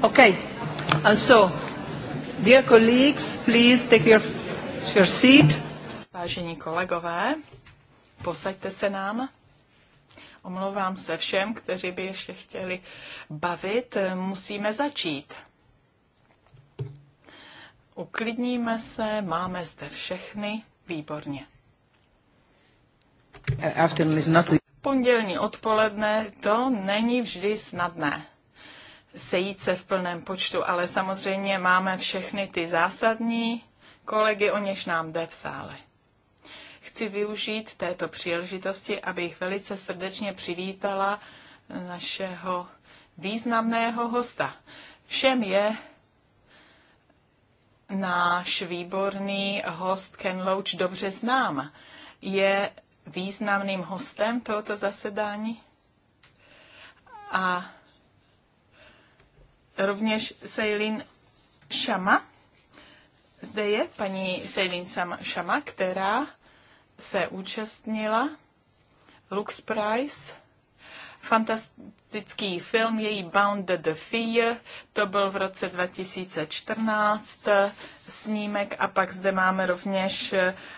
Okay. And so, dear colleagues, please take your, your seat. Vážení kolegové, posaďte se nám. Omlouvám se všem, kteří by ještě chtěli bavit. Musíme začít. Uklidníme se, máme zde všechny. Výborně. Pondělní odpoledne to není vždy snadné sejít se v plném počtu, ale samozřejmě máme všechny ty zásadní kolegy, o něž nám jde v sále. Chci využít této příležitosti, abych velice srdečně přivítala našeho významného hosta. Všem je náš výborný host Ken Loach dobře znám. Je významným hostem tohoto zasedání a rovněž Sejlin Šama. Zde je paní Sejlin Šama, která se účastnila Lux Prize. Fantastický film, její Bound the Fear, to byl v roce 2014 snímek a pak zde máme rovněž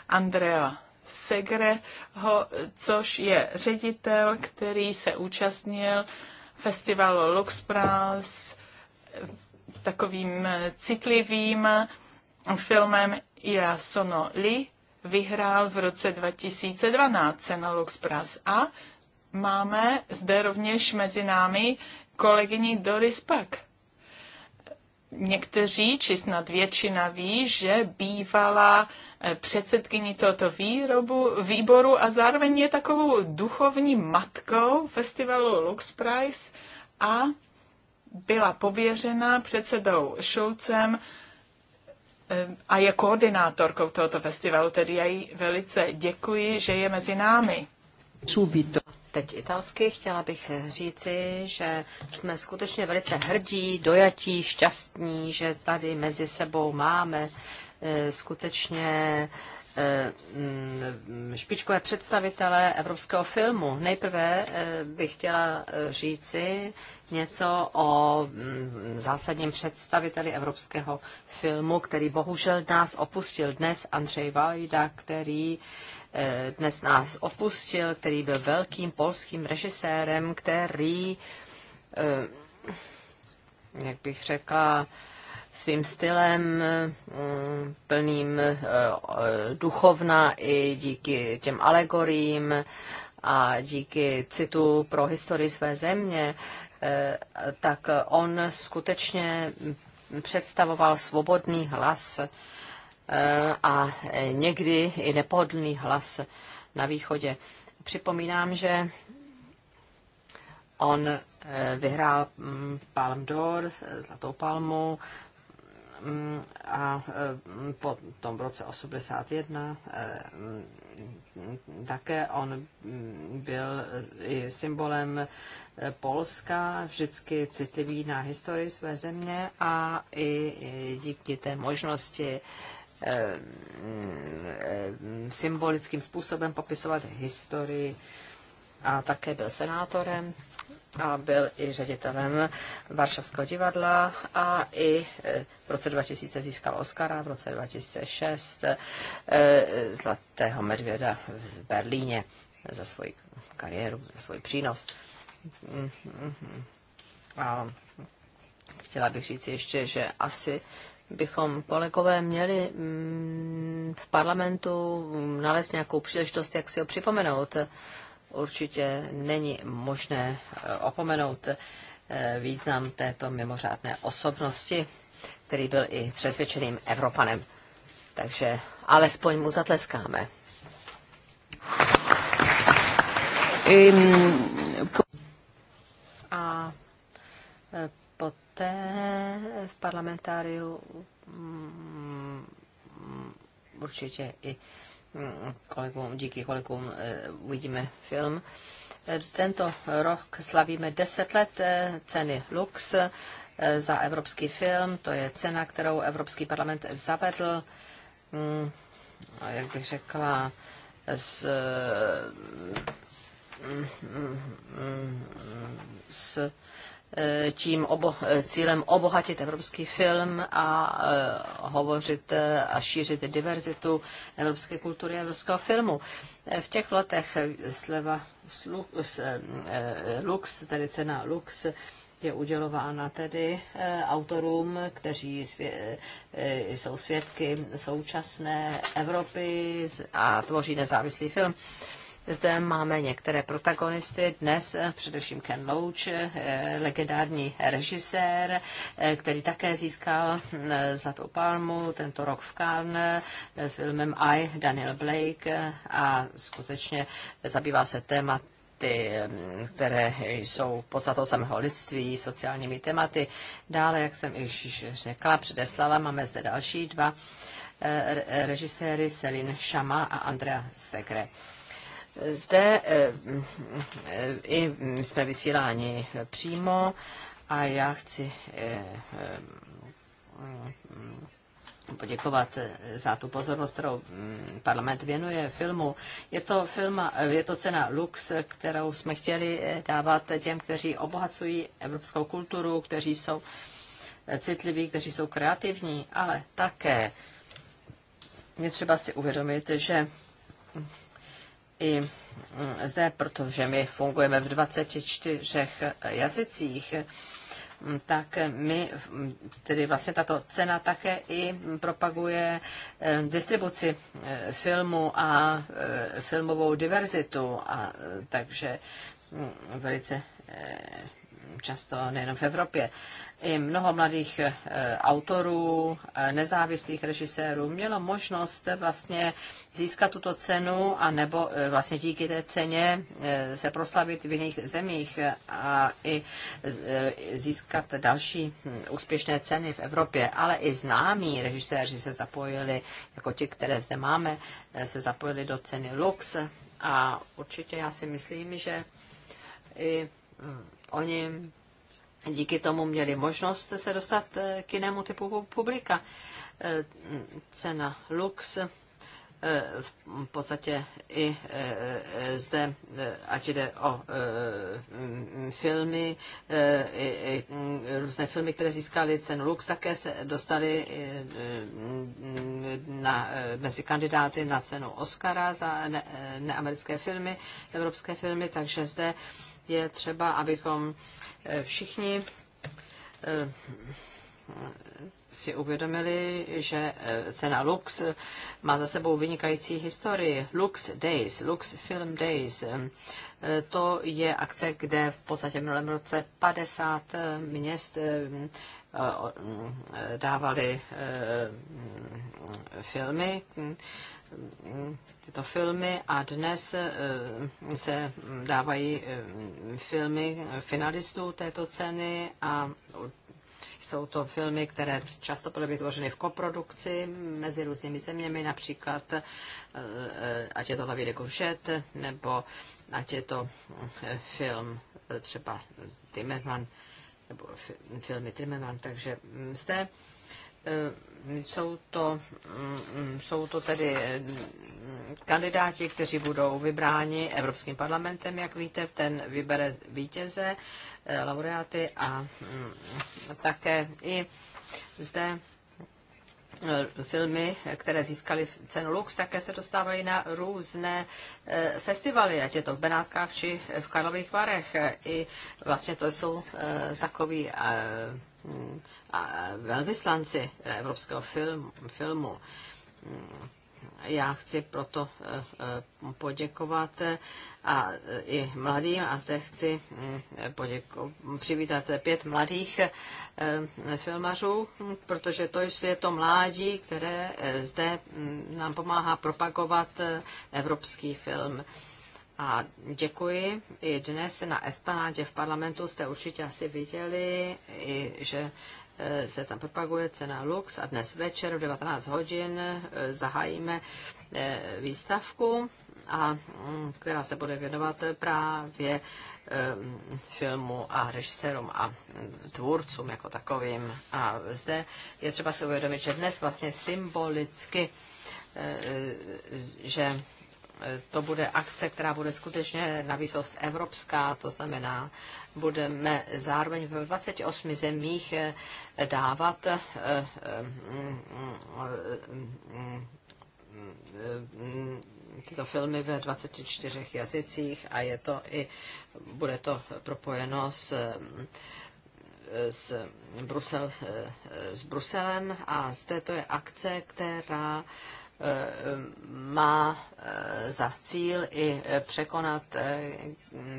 Andrea Segreho, což je ředitel, který se účastnil festivalu Lux Prize takovým citlivým filmem Ia Sono Li vyhrál v roce 2012 cena Lux Pras. A máme zde rovněž mezi námi kolegyni Doris Pak. Někteří, či snad většina ví, že bývala eh, předsedkyní tohoto výrobu, výboru a zároveň je takovou duchovní matkou festivalu Lux Prize a byla pověřena předsedou Šulcem eh, a je koordinátorkou tohoto festivalu, tedy já jí velice děkuji, že je mezi námi. Subito. Teď italsky chtěla bych říci, že jsme skutečně velice hrdí, dojatí, šťastní, že tady mezi sebou máme eh, skutečně Eh, mm, špičkové představitele evropského filmu. Nejprve eh, bych chtěla eh, říci něco o mm, zásadním představiteli evropského filmu, který bohužel nás opustil dnes, Andřej Vajda, který dnes nás opustil, který byl velkým polským režisérem, který, jak bych řekla, svým stylem mm, plným eh, eh, duchovna i díky těm alegoriím a díky citu pro historii své země, eh, tak on skutečně představoval svobodný hlas a někdy i nepohodlný hlas na východě. Připomínám, že on vyhrál mm, Palm d'Or, Zlatou palmu a po tom roce 81 eh, také on byl i symbolem Polska, vždycky citlivý na historii své země a i díky té možnosti eh, eh, symbolickým způsobem popisovat historii a také byl senátorem a byl i ředitelem Varšavského divadla a i e, v roce 2000 získal Oscara, v roce 2006 e, Zlatého medvěda v Berlíně za svoji kariéru, za svůj přínos. A chtěla bych říct ještě, že asi bychom kolegové měli mm, v parlamentu nalézt nějakou příležitost, jak si ho připomenout určitě není možné eh, opomenout eh, význam této mimořádné osobnosti, který byl i přesvědčeným Evropanem. Takže alespoň mu zatleskáme. A eh, poté v parlamentáriu mm, mm, určitě i kolegům, díky kolegům eh, uvidíme film. Eh, tento rok slavíme 10 let eh, ceny Lux za evropský film. To je cena, kterou Evropský parlament zavedl, mm, jak bych řekla, s, mm, mm, s tím obo, cílem obohatit evropský film a eh, hovořit eh, a šířit diverzitu evropské kultury a evropského filmu. Eh, v těch letech sleva Lux, lux tedy cena Lux, je udělována tedy autorům, kteří svě- jsou svědky současné Evropy a tvoří nezávislý film. Zde máme některé protagonisty, dnes eh, především Ken Loach, eh, legendární režisér, eh, který také získal hm, Zlatou palmu tento rok v Cannes filmem I, Daniel Blake a skutečně zabývá se témat hm, které jsou podstatou samého lidství, sociálními tématy. Dále, jak jsem již řekla, předeslala, máme zde další dva režiséry Selin Šama a Andrea Segre. Zde eh, eh, i jsme vysíláni přímo a já chci eh, poděkovat za tu pozornost, kterou mm, parlament věnuje filmu. Je to, film, je to cena Lux, kterou jsme chtěli dávat těm, kteří obohacují evropskou kulturu, kteří jsou citliví, kteří jsou kreativní, ale také je třeba si uvědomit, že i zde, protože my fungujeme v 24 jazycích, tak my, tedy vlastně tato cena také i propaguje eh, distribuci eh, filmu a eh, filmovou diverzitu. A, takže mm, velice často nejenom v Evropě. I mnoho mladých eh, autorů, eh, nezávislých režisérů mělo možnost vlastně získat tuto cenu a nebo eh, vlastně díky té ceně se proslavit v jiných zemích a i získat další hm, úspěšné ceny v Evropě. Ale i známí režiséři se zapojili, jako ti, které zde máme, se zapojili do ceny Lux. A určitě já si myslím, že i hm, oni díky tomu měli možnost se dostat eh, k jinému typu publika. Eh, cena Lux eh, v podstatě i zde, ať jde o filmy, mm, různé filmy, které získaly cenu Lux, také se dostaly mm, na, mezi kandidáty na cenu Oscara za neamerické filmy, evropské filmy, takže zde je třeba, abychom eh, všichni eh, si uvědomili, že eh, cena Lux eh, má za sebou vynikající historii. Lux Days, Lux Film Days, eh, to je akce, kde v podstatě v minulém roce 50 měst dávali filmy, tyto filmy a dnes se dávají filmy finalistů této ceny a jsou to filmy, které často byly vytvořeny v koprodukci mezi různými zeměmi, například eh, eh, ať je to La Vie de nebo ať je to eh, film třeba Timmerman, nebo filmy Timmerman, takže mm, zde Eh, jsou to, mm, jsou to tedy eh, kandidáti, kteří budou vybráni Evropským parlamentem, jak víte, ten vybere vítěze, eh, laureáty a mm, také i zde filmy, které získaly cenu Lux, také se dostávají na různé festivaly, ať je to v Benátkách či v Karlových Varech. I vlastně to jsou takový Hmm. velvyslanci evropského film, filmu. Hmm. Já chci proto eh, eh, poděkovat eh, a i mladým a zde chci hmm, poděko- přivítat pět mladých filmařů, protože to je to mládí, které zde nám pomáhá propagovat evropský film. A děkuji. I dnes na Estanádě v parlamentu jste určitě asi viděli, že e, se tam propaguje cena Lux a dnes večer v 19 hodin e, zahájíme e, výstavku, a, mm, která se bude věnovat právě filmu a režisérům a mm, tvůrcům jako takovým. A zde je třeba si uvědomit, že dnes vlastně symbolicky že to bude akce, která bude skutečně na výsost evropská, to znamená, budeme zároveň ve 28 zemích eh, dávat eh, eh, tyto filmy ve 24 jazycích a je to i, bude to propojeno s s, Brusel, s Bruselem a zde to je akce, která Eh, má eh, za cíl i eh, překonat,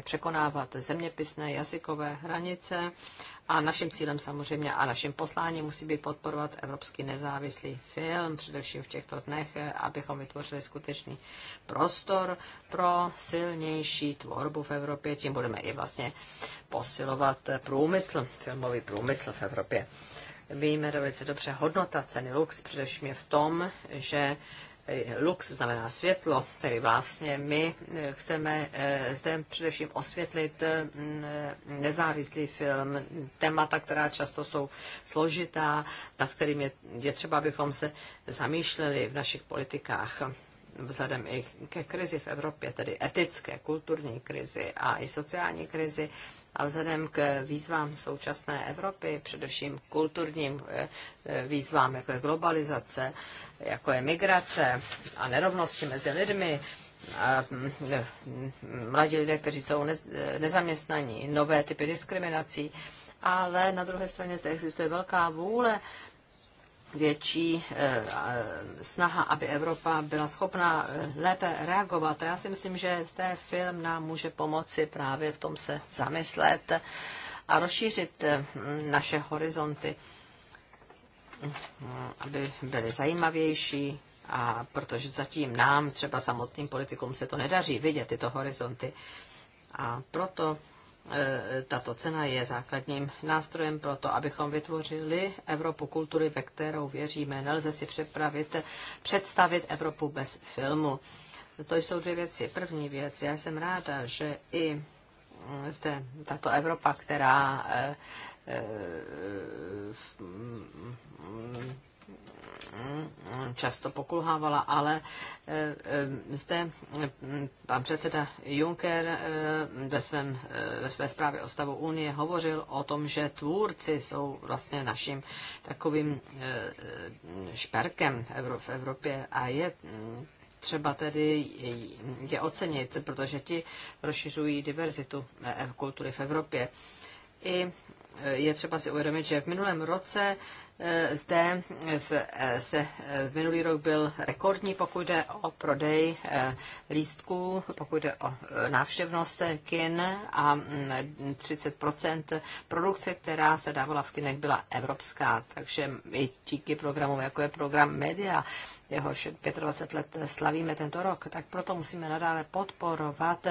překonávat zeměpisné jazykové hranice a naším cílem samozřejmě a naším posláním musí být podporovat evropský nezávislý film, především v těchto dnech, abychom vytvořili skutečný prostor pro silnější tvorbu v Evropě. Tím budeme i vlastně posilovat průmysl, filmový průmysl v Evropě. Víme velice dobře, hodnota ceny lux především je v tom, že eh, lux znamená světlo, tedy vlastně my eh, chceme eh, zde především osvětlit mm, nezávislý film, témata, která často jsou složitá, nad kterým je, je třeba, abychom se zamýšleli v našich politikách vzhledem i ke krizi v Evropě, tedy etické, kulturní krizi a i sociální krizi, a vzhledem k výzvám současné Evropy, především kulturním eh, eh, výzvám, jako je globalizace, jako je migrace a nerovnosti mezi lidmi, a mm, mladí lidé, kteří jsou eh, nezaměstnaní, nové typy diskriminací, ale na druhé straně zde existuje velká vůle větší eh, snaha, aby Evropa byla schopná eh, lépe reagovat. A já si myslím, že zde film nám může pomoci právě v tom se zamyslet a rozšířit eh, naše horizonty, mm, aby byly zajímavější, a protože zatím nám, třeba samotným politikům, se to nedaří vidět, tyto horizonty. A proto E, tato cena je základním nástrojem pro to, abychom vytvořili Evropu kultury, ve kterou věříme. Nelze si připravit, představit Evropu bez filmu. To jsou dvě věci. První věc, já jsem ráda, že i zde tato Evropa, která e, e, často pokulhávala, ale eh, eh, zde eh, pan předseda Juncker ve, svém, ve své zprávě o stavu Unie hovořil o tom, že tvůrci jsou vlastně naším takovým šperkem v Evropě a je hm, třeba tedy je ocenit, protože ti rozšiřují diverzitu kultury v Evropě. I je třeba si uvědomit, že v minulém roce Eh, zde eh, v, eh, se v minulý rok byl rekordní, pokud jde o prodej lístků, pokud jde o návštěvnost kin a 30 mm, produkce, která se dávala v kinech, byla evropská. Takže i díky programům, jako je program Media, jehož 25 let slavíme tento rok, tak proto musíme nadále podporovat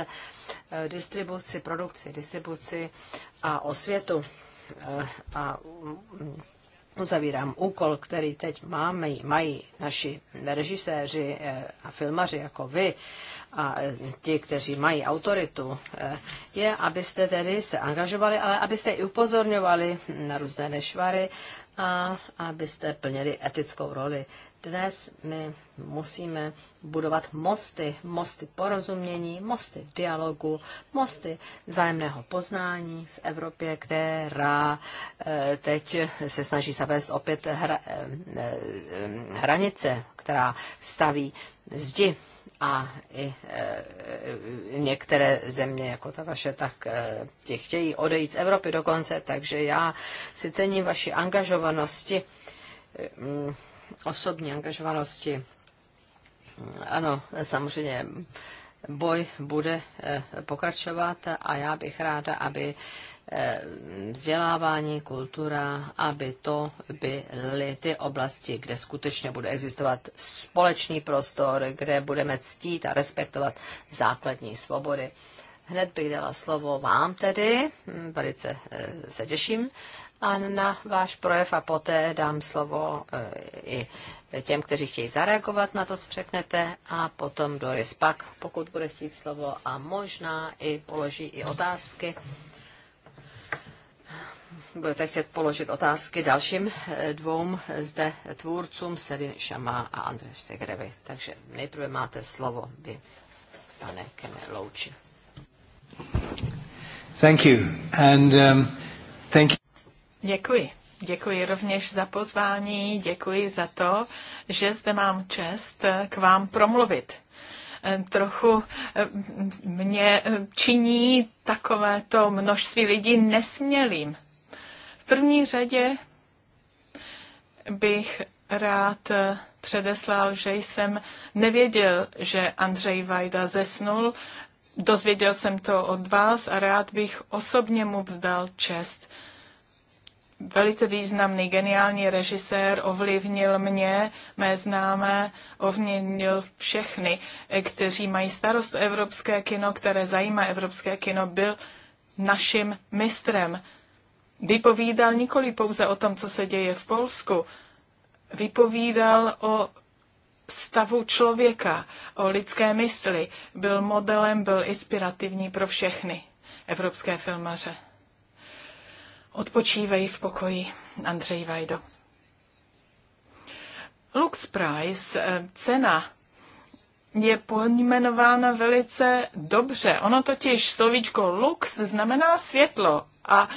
distribuci, produkci, distribuci a osvětu a mm, uzavírám úkol, který teď máme, mají naši režiséři eh, a filmaři jako vy a eh, ti, kteří mají autoritu, eh, je, abyste tedy se angažovali, ale abyste i upozorňovali na různé nešvary a abyste plnili etickou roli. Dnes my musíme budovat mosty, mosty porozumění, mosty dialogu, mosty vzájemného poznání v Evropě, která eh, teď se snaží zavést opět hra, eh, eh, hranice, která staví zdi a i e, některé země, jako ta vaše, tak e, chtějí odejít z Evropy dokonce, takže já si cením vaši angažovanosti. E, osobní angažovanosti. Ano, samozřejmě boj bude eh, pokračovat a já bych ráda, aby eh, vzdělávání, kultura, aby to byly ty oblasti, kde skutečně bude existovat společný prostor, kde budeme ctít a respektovat základní svobody. Hned bych dala slovo vám tedy, hm, velice eh, se těším, a na váš projev a poté dám slovo e, i těm, kteří chtějí zareagovat na to, co řeknete a potom Doris pak, pokud bude chtít slovo a možná i položí i otázky. Budete chtět položit otázky dalším e, dvou zde tvůrcům, Selin Šama a Andrej Segrevi. Takže nejprve máte slovo vy, pane Kene Louči. Thank you. And, um, thank you. Děkuji. Děkuji rovněž za pozvání, děkuji za to, že zde mám čest eh, k vám promluvit. Eh, trochu eh, mě činí takovéto množství lidí nesmělým. V první řadě bych rád předeslal, že jsem nevěděl, že Andřej Vajda zesnul. Dozvěděl jsem to od vás a rád bych osobně mu vzdal čest velice významný, geniální režisér, ovlivnil mě, mé známé, ovlivnil všechny, kteří mají starost evropské kino, které zajímá evropské kino, byl naším mistrem. Vypovídal nikoli pouze o tom, co se děje v Polsku, vypovídal o stavu člověka, o lidské mysli. Byl modelem, byl inspirativní pro všechny evropské filmaře. Odpočívej v pokoji, Andrej Vajdo. Lux Price, eh, cena je pojmenována velice dobře. Ono totiž slovíčko lux znamená světlo a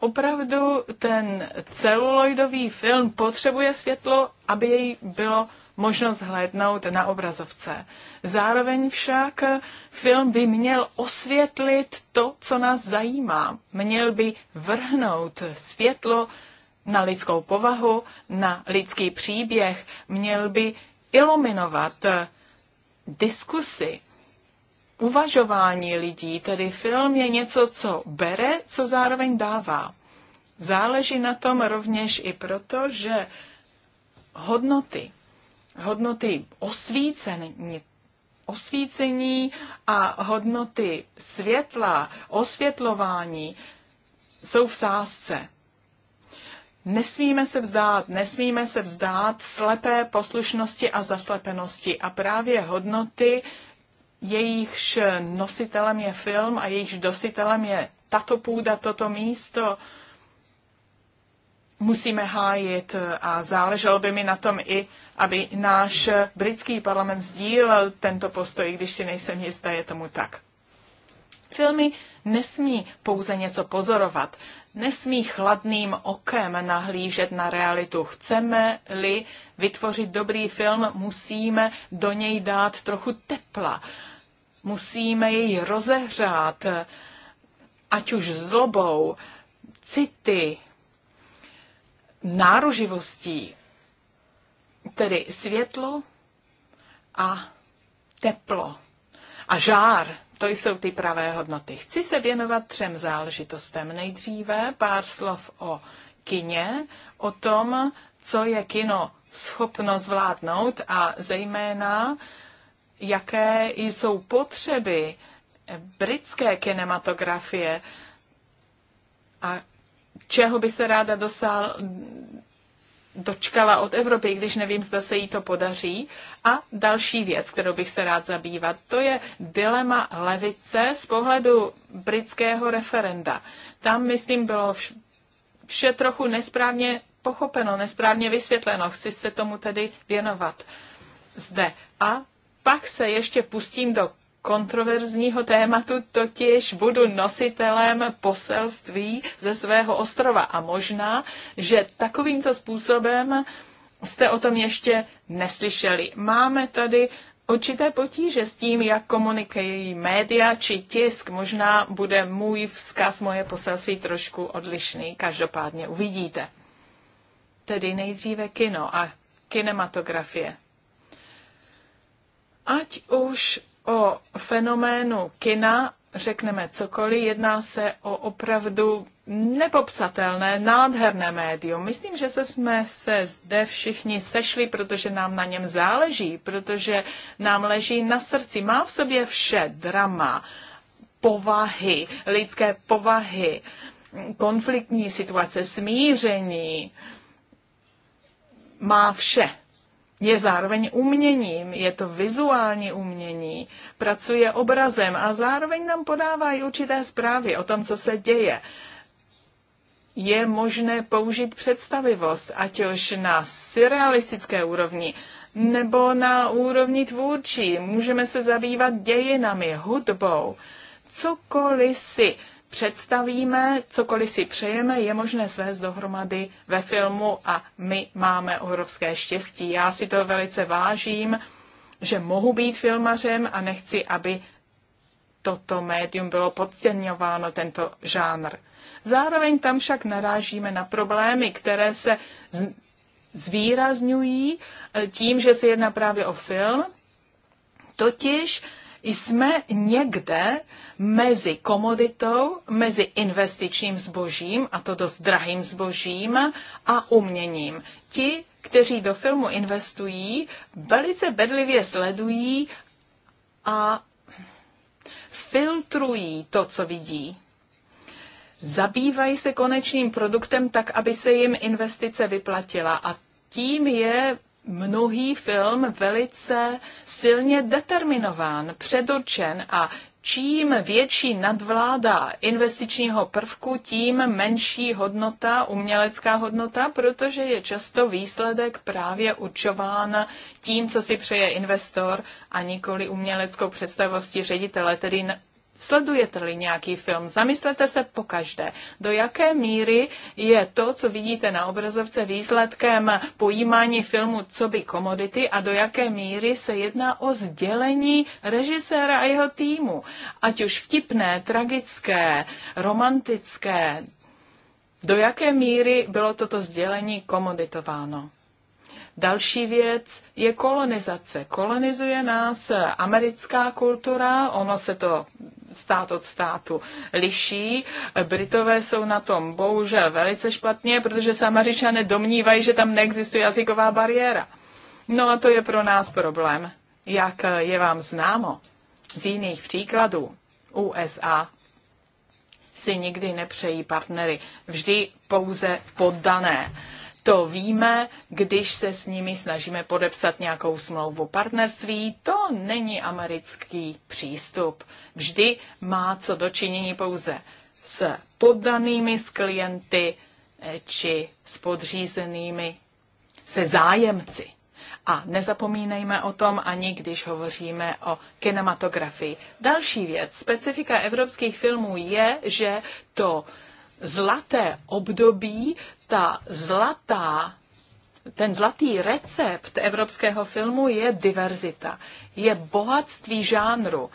opravdu ten celuloidový film potřebuje světlo, aby jej bylo možnost hlédnout na obrazovce. Zároveň však film by měl osvětlit to, co nás zajímá. Měl by vrhnout světlo na lidskou povahu, na lidský příběh, měl by iluminovat diskusy, uvažování lidí, tedy film je něco, co bere, co zároveň dává. Záleží na tom rovněž i proto, že hodnoty, hodnoty osvícení, osvícení a hodnoty světla, osvětlování jsou v sázce. Nesmíme se vzdát, nesmíme se vzdát slepé poslušnosti a zaslepenosti. A právě hodnoty, jejichž nositelem je film a jejichž dositelem je tato půda, toto místo, musíme hájit a záleželo by mi na tom i, aby náš britský parlament sdílel tento postoj, když si nejsem jistá, je tomu tak. Filmy nesmí pouze něco pozorovat, nesmí chladným okem nahlížet na realitu. Chceme-li vytvořit dobrý film, musíme do něj dát trochu tepla, musíme jej rozehřát, ať už zlobou, city, nároživostí, tedy světlo a teplo a žár. To jsou ty pravé hodnoty. Chci se věnovat třem záležitostem. Nejdříve pár slov o kině, o tom, co je kino schopno zvládnout a zejména, jaké jsou potřeby britské kinematografie a čeho by se ráda dosal, dočkala od Evropy, když nevím, zda se jí to podaří. A další věc, kterou bych se rád zabývat, to je dilema levice z pohledu britského referenda. Tam, myslím, bylo vše trochu nesprávně pochopeno, nesprávně vysvětleno. Chci se tomu tedy věnovat zde. A pak se ještě pustím do kontroverzního tématu, totiž budu nositelem poselství ze svého ostrova. A možná, že takovýmto způsobem jste o tom ještě neslyšeli. Máme tady určité potíže s tím, jak komunikují média či tisk. Možná bude můj vzkaz, moje poselství trošku odlišný. Každopádně uvidíte. Tedy nejdříve kino a kinematografie. Ať už o fenoménu kina řekneme cokoliv, jedná se o opravdu nepopsatelné, nádherné médium. Myslím, že se jsme se zde všichni sešli, protože nám na něm záleží, protože nám leží na srdci. Má v sobě vše drama, povahy, lidské povahy, konfliktní situace, smíření. Má vše je zároveň uměním, je to vizuální umění, pracuje obrazem a zároveň nám podává i určité zprávy o tom, co se děje. Je možné použít představivost, ať už na surrealistické úrovni, nebo na úrovni tvůrčí. Můžeme se zabývat dějinami, hudbou, cokoliv si představíme, cokoliv si přejeme, je možné svést dohromady ve filmu a my máme obrovské štěstí. Já si to velice vážím, že mohu být filmařem a nechci, aby toto médium bylo podceňováno, tento žánr. Zároveň tam však narážíme na problémy, které se zvýrazňují eh, tím, že se jedná právě o film, totiž jsme někde mezi komoditou, mezi investičním zbožím, a to dost drahým zbožím, a uměním. Ti, kteří do filmu investují, velice bedlivě sledují a filtrují to, co vidí. Zabývají se konečným produktem tak, aby se jim investice vyplatila. A tím je mnohý film velice silně determinován, předurčen a čím větší nadvláda investičního prvku, tím menší hodnota, umělecká hodnota, protože je často výsledek právě určován tím, co si přeje investor a nikoli uměleckou představostí ředitele, tedy Sledujete-li nějaký film, zamyslete se pokaždé, do jaké míry je to, co vidíte na obrazovce, výsledkem pojímání filmu co by komodity a do jaké míry se jedná o sdělení režiséra a jeho týmu. Ať už vtipné, tragické, romantické, do jaké míry bylo toto sdělení komoditováno. Další věc je kolonizace. Kolonizuje nás americká kultura, ono se to stát od státu liší. Britové jsou na tom bohužel velice špatně, protože se Američané domnívají, že tam neexistuje jazyková bariéra. No a to je pro nás problém. Jak je vám známo z jiných příkladů, USA si nikdy nepřejí partnery, vždy pouze poddané to víme, když se s nimi snažíme podepsat nějakou smlouvu partnerství. To není americký přístup. Vždy má co dočinění pouze s poddanými, s klienty eh, či s podřízenými, se zájemci. A nezapomínejme o tom ani, když hovoříme o kinematografii. Další věc, specifika evropských filmů je, že to zlaté období ta zlatá, ten zlatý recept evropského filmu je diverzita, je bohatství žánru.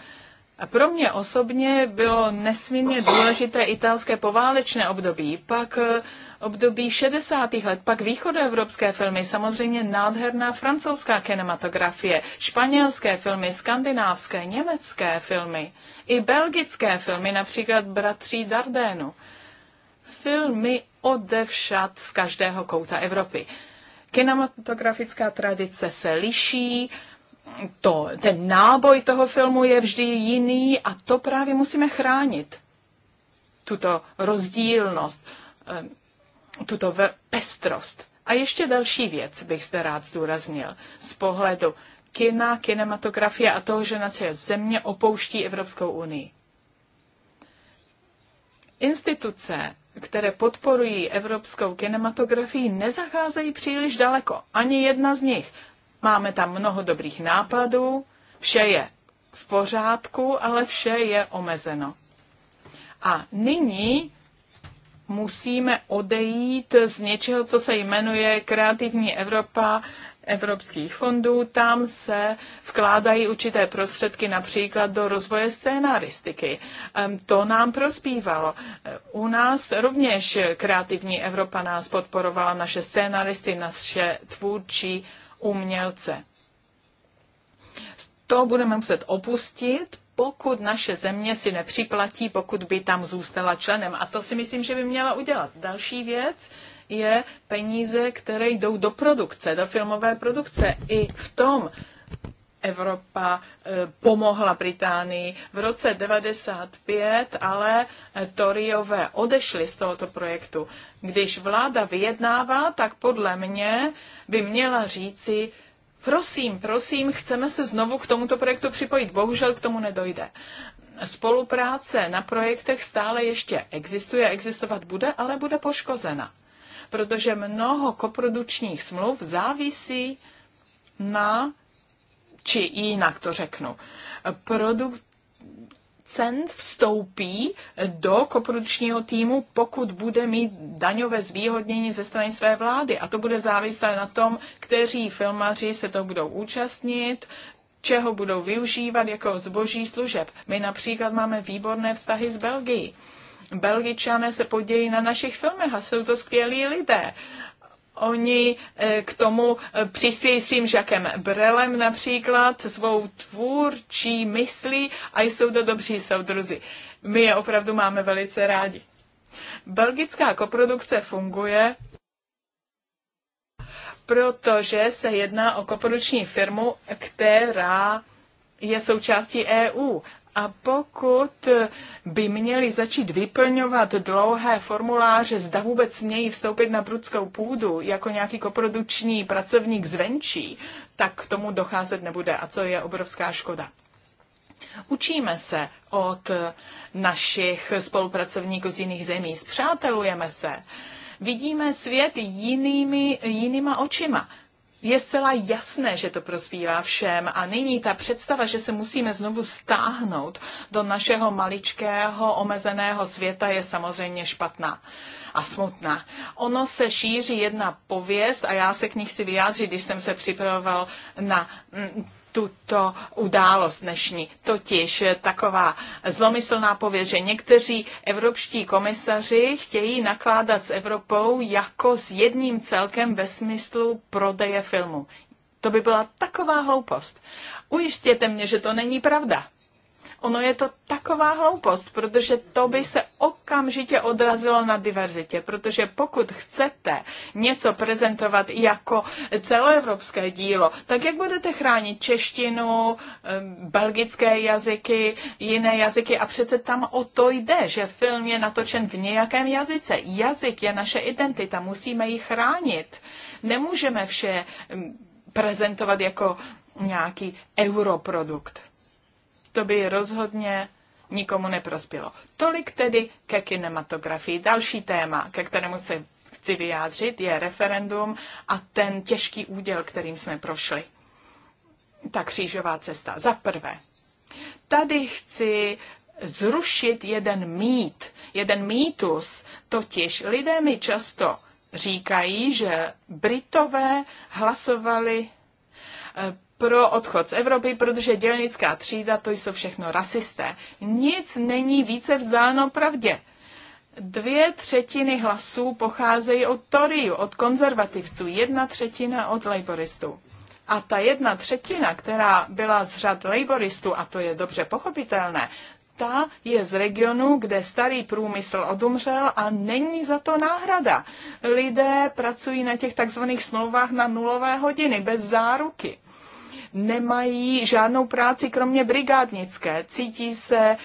A pro mě osobně bylo nesmírně důležité italské poválečné období, pak eh, období 60. let, pak východoevropské filmy, samozřejmě nádherná francouzská kinematografie, španělské filmy, skandinávské, německé filmy, i belgické filmy, například Bratří Dardénu. Filmy odevšad z každého kouta Evropy. Kinematografická tradice se liší, to, ten náboj toho filmu je vždy jiný a to právě musíme chránit. Tuto rozdílnost, tuto pestrost. A ještě další věc bych zde rád zdůraznil z pohledu kina, kinematografie a toho, že naše země opouští Evropskou unii. Instituce, které podporují evropskou kinematografii, nezacházejí příliš daleko. Ani jedna z nich. Máme tam mnoho dobrých nápadů, vše je v pořádku, ale vše je omezeno. A nyní musíme odejít z něčeho, co se jmenuje Kreativní Evropa evropských fondů, tam se vkládají určité prostředky například do rozvoje scénaristiky. To nám prospívalo. U nás rovněž kreativní Evropa nás podporovala, naše scénaristy, naše tvůrčí umělce. To budeme muset opustit, pokud naše země si nepřiplatí, pokud by tam zůstala členem. A to si myslím, že by měla udělat. Další věc, je peníze, které jdou do produkce, do filmové produkce. I v tom Evropa e, pomohla Británii. V roce 95 ale Toriové odešli z tohoto projektu. Když vláda vyjednává, tak podle mě by měla říci, prosím, prosím, chceme se znovu k tomuto projektu připojit. Bohužel k tomu nedojde. Spolupráce na projektech stále ještě existuje, existovat bude, ale bude poškozena protože mnoho koprodučních smluv závisí na, či jinak to řeknu, producent vstoupí do koprodučního týmu, pokud bude mít daňové zvýhodnění ze strany své vlády. A to bude záviset na tom, kteří filmaři se to budou účastnit, čeho budou využívat jako zboží služeb. My například máme výborné vztahy s Belgií. Belgičané se podějí na našich filmech a jsou to skvělí lidé. Oni eh, k tomu eh, přispějí svým Žakem Brelem například, svou tvůrčí myslí a jsou to dobří soudruzi. My je opravdu máme velice rádi. Belgická koprodukce funguje, protože se jedná o koproduční firmu, která je součástí EU. A pokud by měli začít vyplňovat dlouhé formuláře, zda vůbec smějí vstoupit na prudskou půdu jako nějaký koproduční pracovník zvenčí, tak k tomu docházet nebude. A co je obrovská škoda. Učíme se od našich spolupracovníků z jiných zemí, zpřátelujeme se, vidíme svět jinými, jinýma očima je zcela jasné, že to prospívá všem a nyní ta představa, že se musíme znovu stáhnout do našeho maličkého omezeného světa je samozřejmě špatná a smutná. Ono se šíří jedna pověst a já se k ní chci vyjádřit, když jsem se připravoval na mm, tuto událost dnešní. Totiž taková zlomyslná pověst, že někteří evropští komisaři chtějí nakládat s Evropou jako s jedním celkem ve smyslu prodeje filmu. To by byla taková hloupost. Ujistěte mě, že to není pravda. Ono je to taková hloupost, protože to by se okamžitě odrazilo na diverzitě, protože pokud chcete něco prezentovat jako celoevropské dílo, tak jak budete chránit češtinu, belgické jazyky, jiné jazyky a přece tam o to jde, že film je natočen v nějakém jazyce. Jazyk je naše identita, musíme ji chránit. Nemůžeme vše prezentovat jako nějaký europrodukt to by rozhodně nikomu neprospělo. Tolik tedy ke kinematografii. Další téma, ke kterému se chci vyjádřit, je referendum a ten těžký úděl, kterým jsme prošli. Ta křížová cesta. Za prvé, tady chci zrušit jeden mýt, jeden mýtus, totiž lidé mi často říkají, že Britové hlasovali eh, pro odchod z Evropy, protože dělnická třída, to jsou všechno rasisté. Nic není více vzdáleno pravdě. Dvě třetiny hlasů pocházejí od Toryů, od konzervativců, jedna třetina od laboristů. A ta jedna třetina, která byla z řad laboristů, a to je dobře pochopitelné, ta je z regionu, kde starý průmysl odumřel a není za to náhrada. Lidé pracují na těch takzvaných smlouvách na nulové hodiny, bez záruky nemají žádnou práci kromě brigádnické, cítí se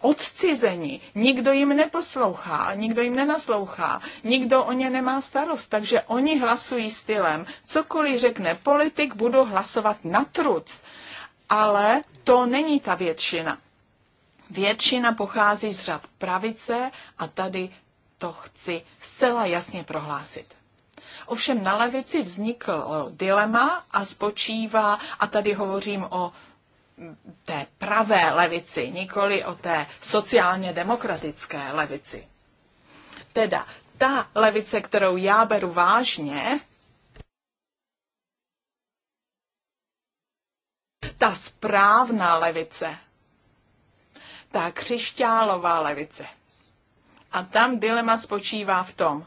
odcizení, nikdo jim neposlouchá, nikdo jim nenaslouchá, nikdo o ně nemá starost, takže oni hlasují stylem, cokoliv řekne politik, budu hlasovat na truc. Ale to není ta většina. Většina pochází z řad pravice a tady to chci zcela jasně prohlásit. Ovšem na levici vzniklo dilema a spočívá, a tady hovořím o té pravé levici, nikoli o té sociálně demokratické levici. Teda ta levice, kterou já beru vážně, ta správná levice, ta křišťálová levice. A tam dilema spočívá v tom,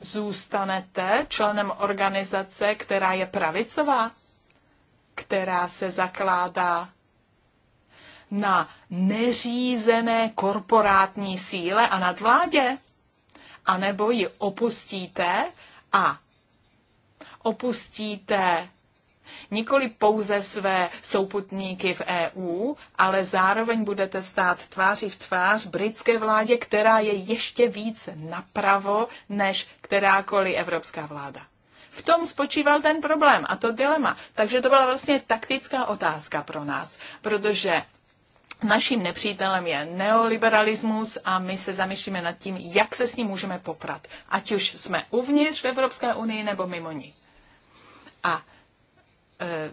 zůstanete členem organizace, která je pravicová, která se zakládá na neřízené korporátní síle a nadvládě? A nebo ji opustíte a opustíte Nikoli pouze své souputníky v EU, ale zároveň budete stát tváří v tvář britské vládě, která je ještě víc napravo než kterákoliv evropská vláda. V tom spočíval ten problém a to dilema. Takže to byla vlastně taktická otázka pro nás, protože naším nepřítelem je neoliberalismus a my se zamýšlíme nad tím, jak se s ním můžeme poprat, ať už jsme uvnitř v Evropské unii nebo mimo ní. A Eh,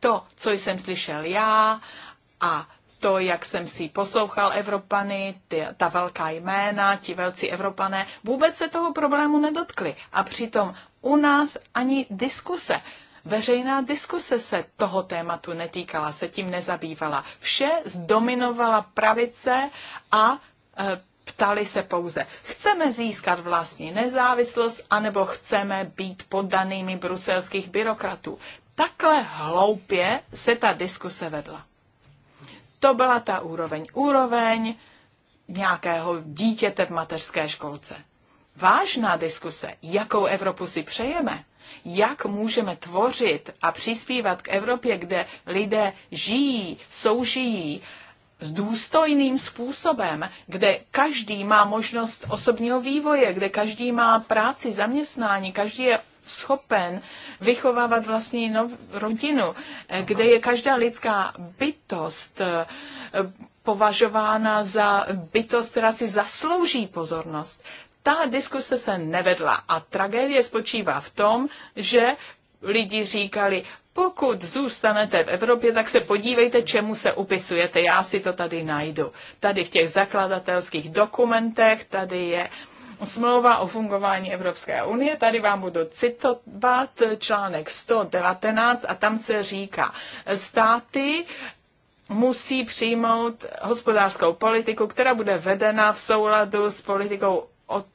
to, co jsem slyšel já a to, jak jsem si poslouchal Evropany, ty, ta velká jména, ti velcí Evropané, vůbec se toho problému nedotkli. A přitom u nás ani diskuse, veřejná diskuse se toho tématu netýkala, se tím nezabývala. Vše zdominovala pravice a e, ptali se pouze, chceme získat vlastní nezávislost, anebo chceme být poddanými bruselských byrokratů takhle hloupě se ta diskuse vedla. To byla ta úroveň. Úroveň nějakého dítěte v mateřské školce. Vážná diskuse, jakou Evropu si přejeme, jak můžeme tvořit a přispívat k Evropě, kde lidé žijí, soužijí s důstojným způsobem, kde každý má možnost osobního vývoje, kde každý má práci, zaměstnání, každý je schopen vychovávat vlastní nov, rodinu, eh, kde je každá lidská bytost eh, považována za bytost, která si zaslouží pozornost. Ta diskuse se nevedla a tragédie spočívá v tom, že lidi říkali, pokud zůstanete v Evropě, tak se podívejte, čemu se upisujete. Já si to tady najdu. Tady v těch zakladatelských dokumentech, tady je uh, smlouva o fungování Evropské unie. Tady vám budu citovat článek 119 a tam se říká, státy musí přijmout hospodářskou politiku, která bude vedena v souladu s politikou od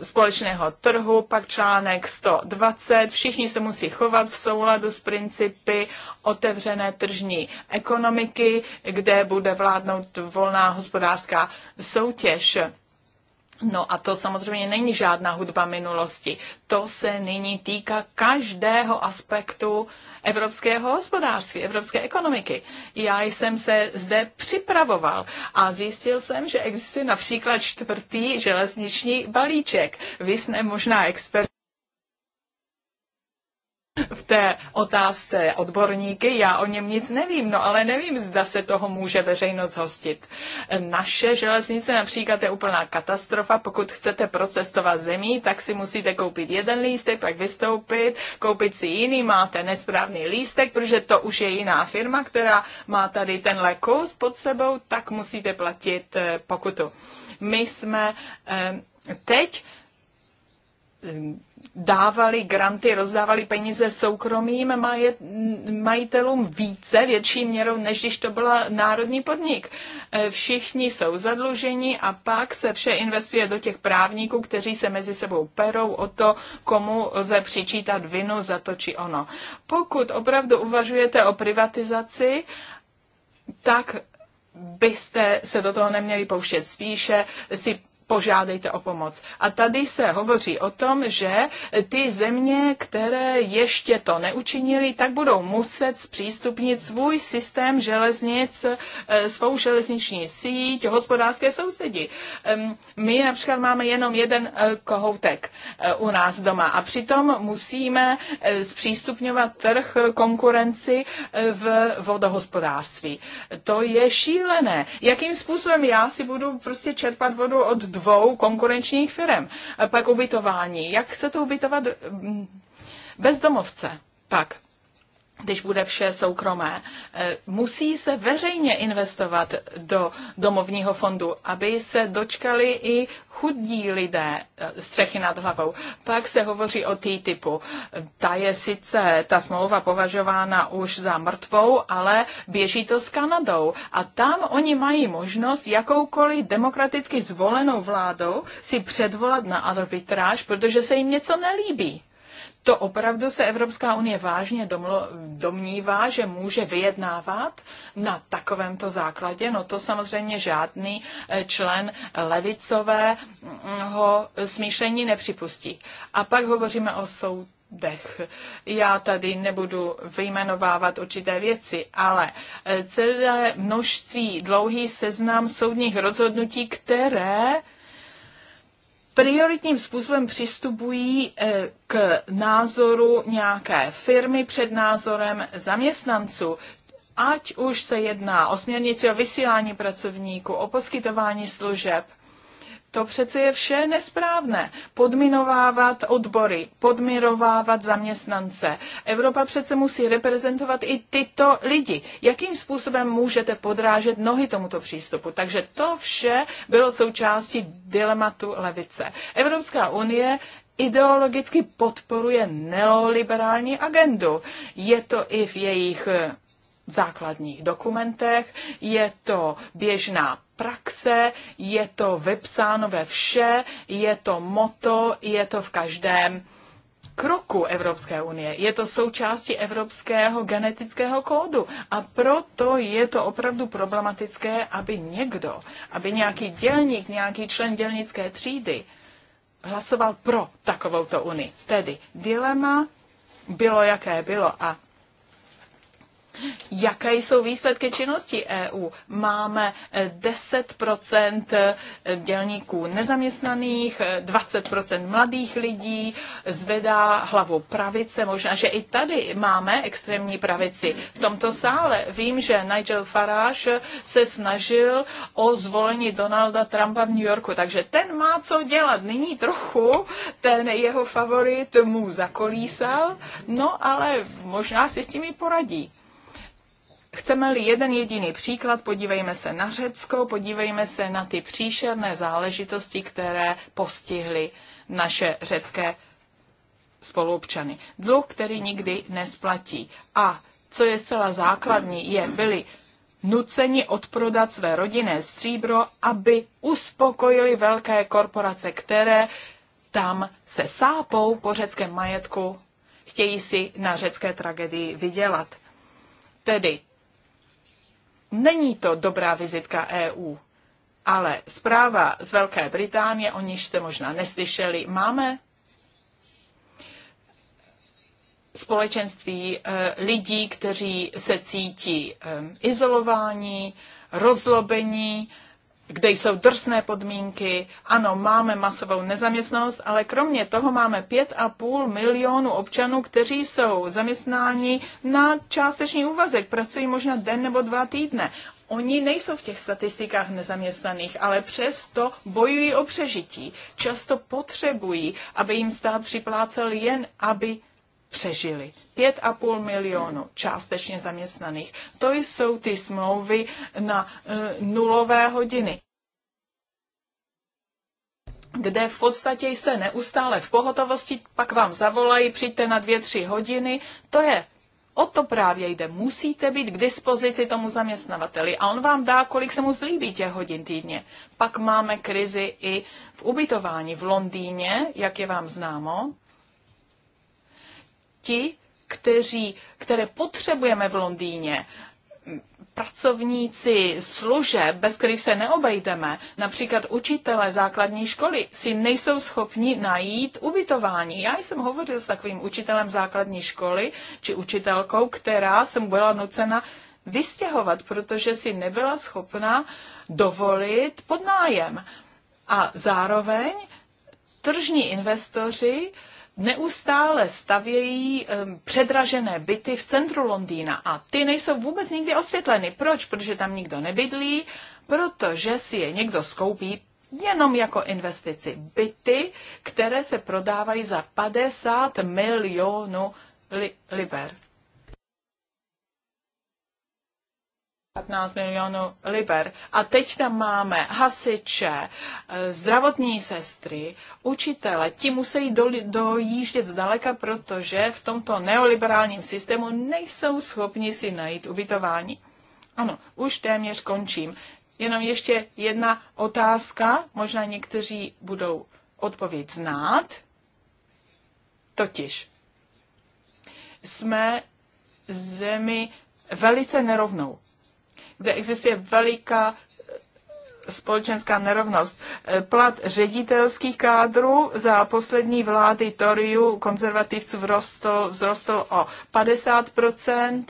e, společného trhu, pak článek 120. Všichni se musí chovat v souladu s principy otevřené tržní ekonomiky, kde bude vládnout volná hospodářská soutěž. No a to samozřejmě není žádná hudba minulosti. To se nyní týká každého aspektu evropského hospodářství, evropské ekonomiky. Já jsem se zde připravoval a zjistil jsem, že existuje například čtvrtý železniční balíček. Vy jste možná expert v té otázce odborníky, já o něm nic nevím, no ale nevím, zda se toho může veřejnost hostit. Naše železnice například je úplná katastrofa, pokud chcete procestovat zemí, tak si musíte koupit jeden lístek, pak vystoupit, koupit si jiný, máte nesprávný lístek, protože to už je jiná firma, která má tady tenhle kus pod sebou, tak musíte platit eh, pokutu. My jsme eh, teď dávali granty, rozdávali peníze soukromým majitelům více, větší měrou, než když to byla národní podnik. E, všichni jsou zadluženi a pak se vše investuje do těch právníků, kteří se mezi sebou perou o to, komu lze přičítat vinu za to či ono. Pokud opravdu uvažujete o privatizaci, tak byste se do toho neměli pouštět. Spíše si požádejte o pomoc. A tady se hovoří o tom, že ty země, které ještě to neučinili, tak budou muset zpřístupnit svůj systém železnic, eh, svou železniční síť, hospodářské sousedí. Ehm, my například máme jenom jeden eh, kohoutek eh, u nás doma a přitom musíme zpřístupňovat trh konkurenci v vodohospodářství. To je šílené. Jakým způsobem já si budu prostě čerpat vodu od dvou konkurenčních firm. Pak ubytování. Jak chcete ubytovat mm, bezdomovce? tak? když bude vše soukromé. E, musí se veřejně investovat do domovního fondu, aby se dočkali i chudí lidé e, střechy nad hlavou. Pak se hovoří o té typu Ta je sice, ta smlouva považována už za mrtvou, ale běží to s Kanadou. A tam oni mají možnost jakoukoliv demokraticky zvolenou vládou si předvolat na arbitráž, protože se jim něco nelíbí. To opravdu se Evropská unie vážně domlo, domnívá, že může vyjednávat na takovémto základě. No to samozřejmě žádný eh, člen levicového smýšlení nepřipustí. A pak hovoříme o soudech. dech. Já tady nebudu vyjmenovávat určité věci, ale eh, celé množství, dlouhý seznam soudních rozhodnutí, které prioritním způsobem přistupují eh, k názoru nějaké firmy před názorem zaměstnanců. Ať už se jedná o směrnici o vysílání pracovníků, o poskytování služeb, to přece je vše nesprávné. Podminovávat odbory, podmirovávat zaměstnance. Evropa přece musí reprezentovat i tyto lidi. Jakým způsobem můžete podrážet nohy tomuto přístupu? Takže to vše bylo součástí dilematu levice. Evropská unie ideologicky podporuje neoliberální agendu. Je to i v jejich základních dokumentech, je to běžná praxe, je to vypsáno ve vše, je to moto, je to v každém kroku Evropské unie. Je to součástí evropského genetického kódu a proto je to opravdu problematické, aby někdo, aby nějaký dělník, nějaký člen dělnické třídy hlasoval pro takovouto unii. Tedy dilema bylo, jaké bylo a Jaké jsou výsledky činnosti EU? Máme 10% eh, eh, dělníků nezaměstnaných, 20% eh, mladých lidí, zvedá hlavu pravice, možná, že i tady máme extrémní pravici. V tomto sále vím, že Nigel Farage se snažil o zvolení Donalda Trumpa v New Yorku, takže ten má co dělat. Nyní trochu ten jeho favorit mu zakolísal, no ale možná si s tím i poradí. Chceme-li jeden jediný příklad, podívejme se na Řecko, podívejme se na ty příšerné záležitosti, které postihly naše řecké spoluobčany. Dluh, který nikdy nesplatí. A co je zcela základní, je, byli nuceni odprodat své rodinné stříbro, aby uspokojili velké korporace, které tam se sápou po řeckém majetku, chtějí si na řecké tragedii vydělat. Tedy Není to dobrá vizitka EU, ale zpráva z Velké Británie, o níž jste možná neslyšeli, máme společenství eh, lidí, kteří se cítí eh, izolování, rozlobení, kde jsou drsné podmínky. Ano, máme masovou nezaměstnanost, ale kromě toho máme 5,5 milionu občanů, kteří jsou zaměstnáni na částečný úvazek, pracují možná den nebo dva týdne. Oni nejsou v těch statistikách nezaměstnaných, ale přesto bojují o přežití. Často potřebují, aby jim stát připlácel jen, aby přežili. půl milionu částečně zaměstnaných. To jsou ty smlouvy na uh, nulové hodiny kde v podstatě jste neustále v pohotovosti, pak vám zavolají, přijďte na dvě, tři hodiny. To je O to právě jde. Musíte být k dispozici tomu zaměstnavateli a on vám dá, kolik se mu zlíbí těch hodin týdně. Pak máme krizi i v ubytování v Londýně, jak je vám známo ti, kteří, které potřebujeme v Londýně, pracovníci služeb, bez kterých se neobejdeme, například učitele základní školy, si nejsou schopni najít ubytování. Já jsem hovořil s takovým učitelem základní školy či učitelkou, která jsem byla nucena vystěhovat, protože si nebyla schopna dovolit podnájem. A zároveň tržní investoři uh, neustále stavějí um, předražené byty v centru Londýna a ty nejsou vůbec nikdy osvětleny. Proč? Protože tam nikdo nebydlí, protože si je někdo skoupí jenom jako investici. Byty, které se prodávají za 50 milionů li- liber. 15 milionů liber. A teď tam máme hasiče, eh, zdravotní sestry, učitele. Ti musí do, dojíždět zdaleka, protože v tomto neoliberálním systému nejsou schopni si najít ubytování. Ano, už téměř končím. Jenom ještě jedna otázka, možná někteří budou odpověď znát. Totiž jsme zemi velice nerovnou kde existuje veliká společenská nerovnost. Plat ředitelských kádrů za poslední vlády Toriu konzervativců vrostl, vzrostl o 50%.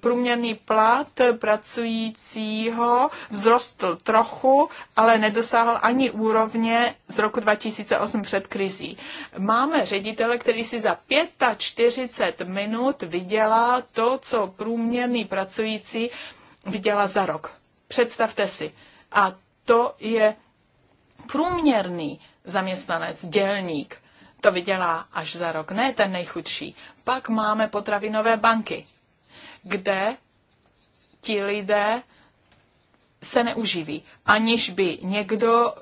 Průměrný plat pracujícího vzrostl trochu, ale nedosáhl ani úrovně z roku 2008 před krizí. Máme ředitele, který si za 45 minut vydělá to, co průměrný pracující viděla za rok. Představte si. A to je průměrný zaměstnanec, dělník. To vydělá až za rok, ne ten nejchudší. Pak máme potravinové banky, kde ti lidé se neuživí, aniž by někdo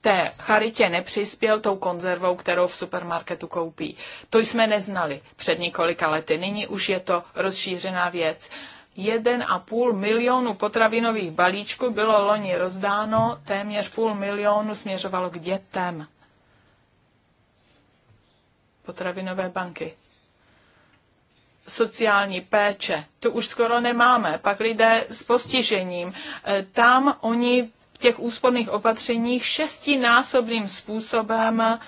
té charitě nepřispěl tou konzervou, kterou v supermarketu koupí. To jsme neznali před několika lety. Nyní už je to rozšířená věc. Uh, 1,5 milionu potravinových balíčků bylo loni rozdáno, téměř půl milionu směřovalo k dětem. Potravinové banky. Sociální péče. To už skoro nemáme. Pak lidé s postižením. E, tam oni v těch úsporných opatřeních šestinásobným způsobem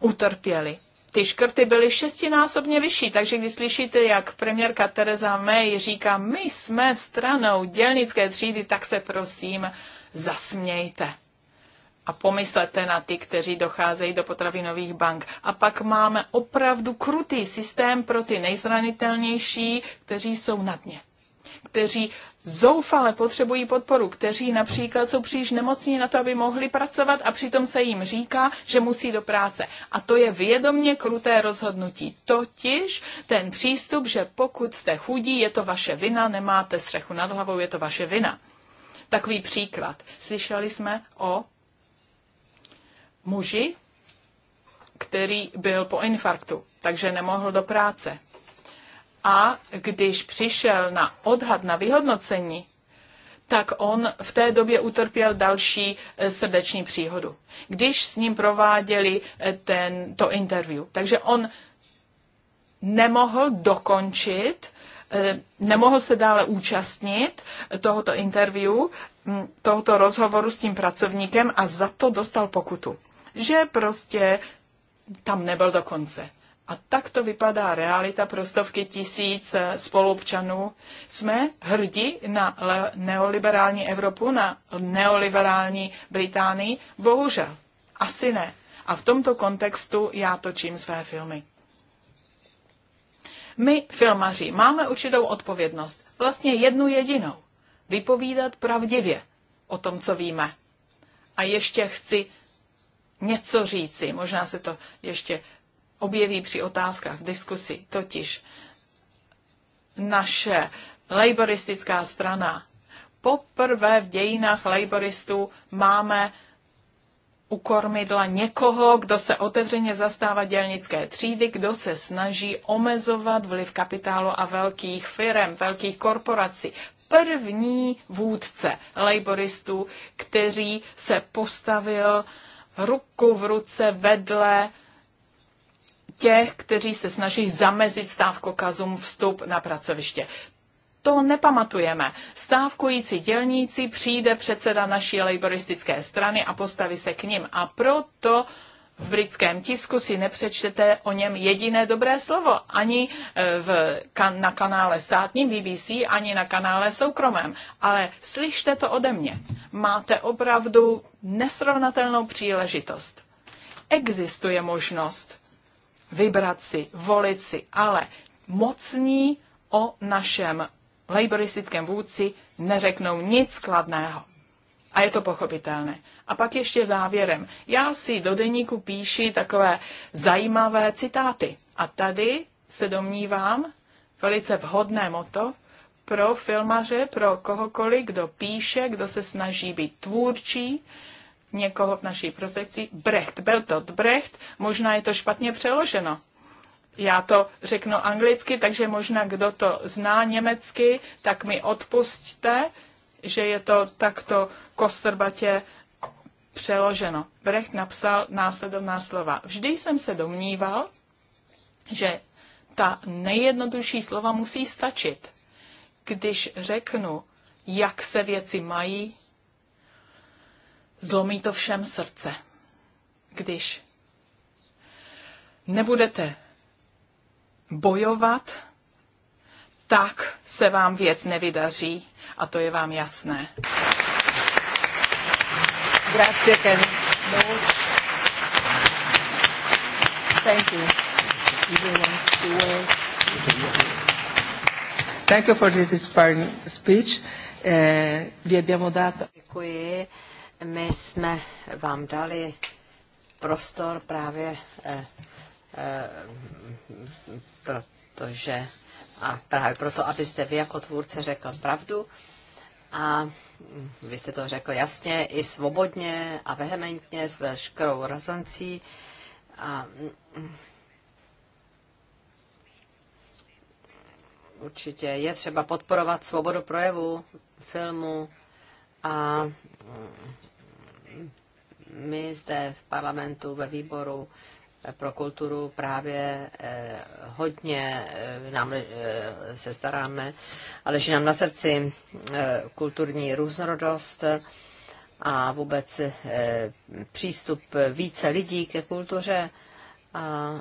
utrpěli ty škrty byly šestinásobně vyšší, takže když slyšíte, jak premiérka Teresa May říká, my jsme stranou dělnické třídy, tak se prosím zasmějte. A pomyslete na ty, kteří docházejí do potravinových bank. A pak máme opravdu krutý systém pro ty nejzranitelnější, kteří jsou na dně kteří zoufale potřebují podporu, kteří například jsou příliš nemocní na to, aby mohli pracovat a přitom se jim říká, že musí do práce. A to je vědomně kruté rozhodnutí. Totiž ten přístup, že pokud jste chudí, je to vaše vina, nemáte střechu nad hlavou, je to vaše vina. Takový příklad. Slyšeli jsme o muži, který byl po infarktu, takže nemohl do práce. A když přišel na odhad, na vyhodnocení, tak on v té době utrpěl další eh, srdeční příhodu, když s ním prováděli eh, ten, to interview. Takže on nemohl dokončit, eh, nemohl se dále účastnit tohoto interview, hm, tohoto rozhovoru s tím pracovníkem a za to dostal pokutu. Že prostě tam nebyl do konce. A tak to vypadá realita pro stovky tisíc eh, spolupčanů. Jsme hrdi na neoliberální Evropu, na neoliberální Británii? Bohužel, asi ne. A v tomto kontextu já točím své filmy. My, filmaři, máme určitou odpovědnost, vlastně jednu jedinou. Vypovídat pravdivě o tom, co víme. A ještě chci něco říci, možná se to ještě objeví při otázkách v diskusi. Totiž naše laboristická strana. Poprvé v dějinách laboristů máme u kormidla někoho, kdo se otevřeně zastává dělnické třídy, kdo se snaží omezovat vliv kapitálu a velkých firm, velkých korporací. První vůdce laboristů, kteří se postavil ruku v ruce vedle těch, kteří se snaží zamezit stávkokazům vstup na pracoviště. To nepamatujeme. Stávkující dělníci přijde předseda naší laboristické strany a postaví se k ním. A proto v britském tisku si nepřečtete o něm jediné dobré slovo, ani eh, v, kan, na kanále státním BBC, ani na kanále soukromém. Ale slyšte to ode mě. Máte opravdu nesrovnatelnou příležitost. Existuje možnost vybrat si, volit si, ale mocní o našem laboristickém vůdci neřeknou nic kladného. A je to pochopitelné. A pak ještě závěrem. Já si do deníku píši takové zajímavé citáty. A tady se domnívám, velice vhodné moto pro filmaře, pro kohokoliv, kdo píše, kdo se snaží být tvůrčí, někoho v naší prosekci. Brecht, Bertolt Brecht, možná je to špatně přeloženo. Já to řeknu anglicky, takže možná kdo to zná německy, tak mi odpustte, že je to takto kostrbatě přeloženo. Brecht napsal následovná slova. Vždy jsem se domníval, že ta nejjednodušší slova musí stačit. Když řeknu, jak se věci mají, Zlomí to všem srdce, když nebudete bojovat, tak se vám věc nevydaří a to je vám jasné. Grazie, Thank you. Thank you for this inspiring speech. Eh, vi abbiamo dato... My jsme vám dali prostor právě eh, eh, protože a právě proto, abyste vy jako tvůrce řekl pravdu a vy jste to řekl jasně i svobodně a vehementně s veškerou razoncí a určitě je třeba podporovat svobodu projevu, filmu a my zde v parlamentu, ve výboru pro kulturu právě eh, hodně eh, nám eh, se staráme, ale že nám na srdci kulturní různorodost a vůbec přístup více lidí ke kultuře a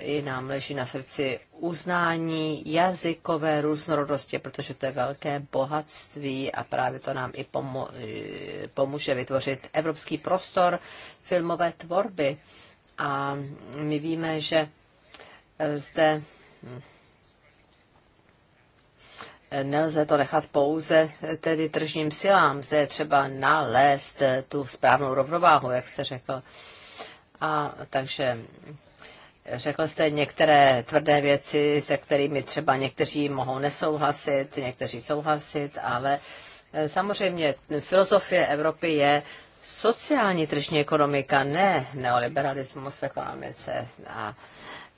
i nám leží na srdci uznání jazykové různorodosti, protože to je velké bohatství a právě to nám i pomo- pomůže vytvořit evropský prostor filmové tvorby. A my víme, že eh, zde hm, nelze to nechat pouze eh, tedy tržním silám. Zde je třeba nalézt eh, tu správnou rovnováhu, jak jste řekl. A takže hm, Řekl jste některé tvrdé věci, se kterými třeba někteří mohou nesouhlasit, někteří souhlasit, ale e, samozřejmě filozofie Evropy je sociální tržní ekonomika, ne neoliberalismus v ekonomice. A,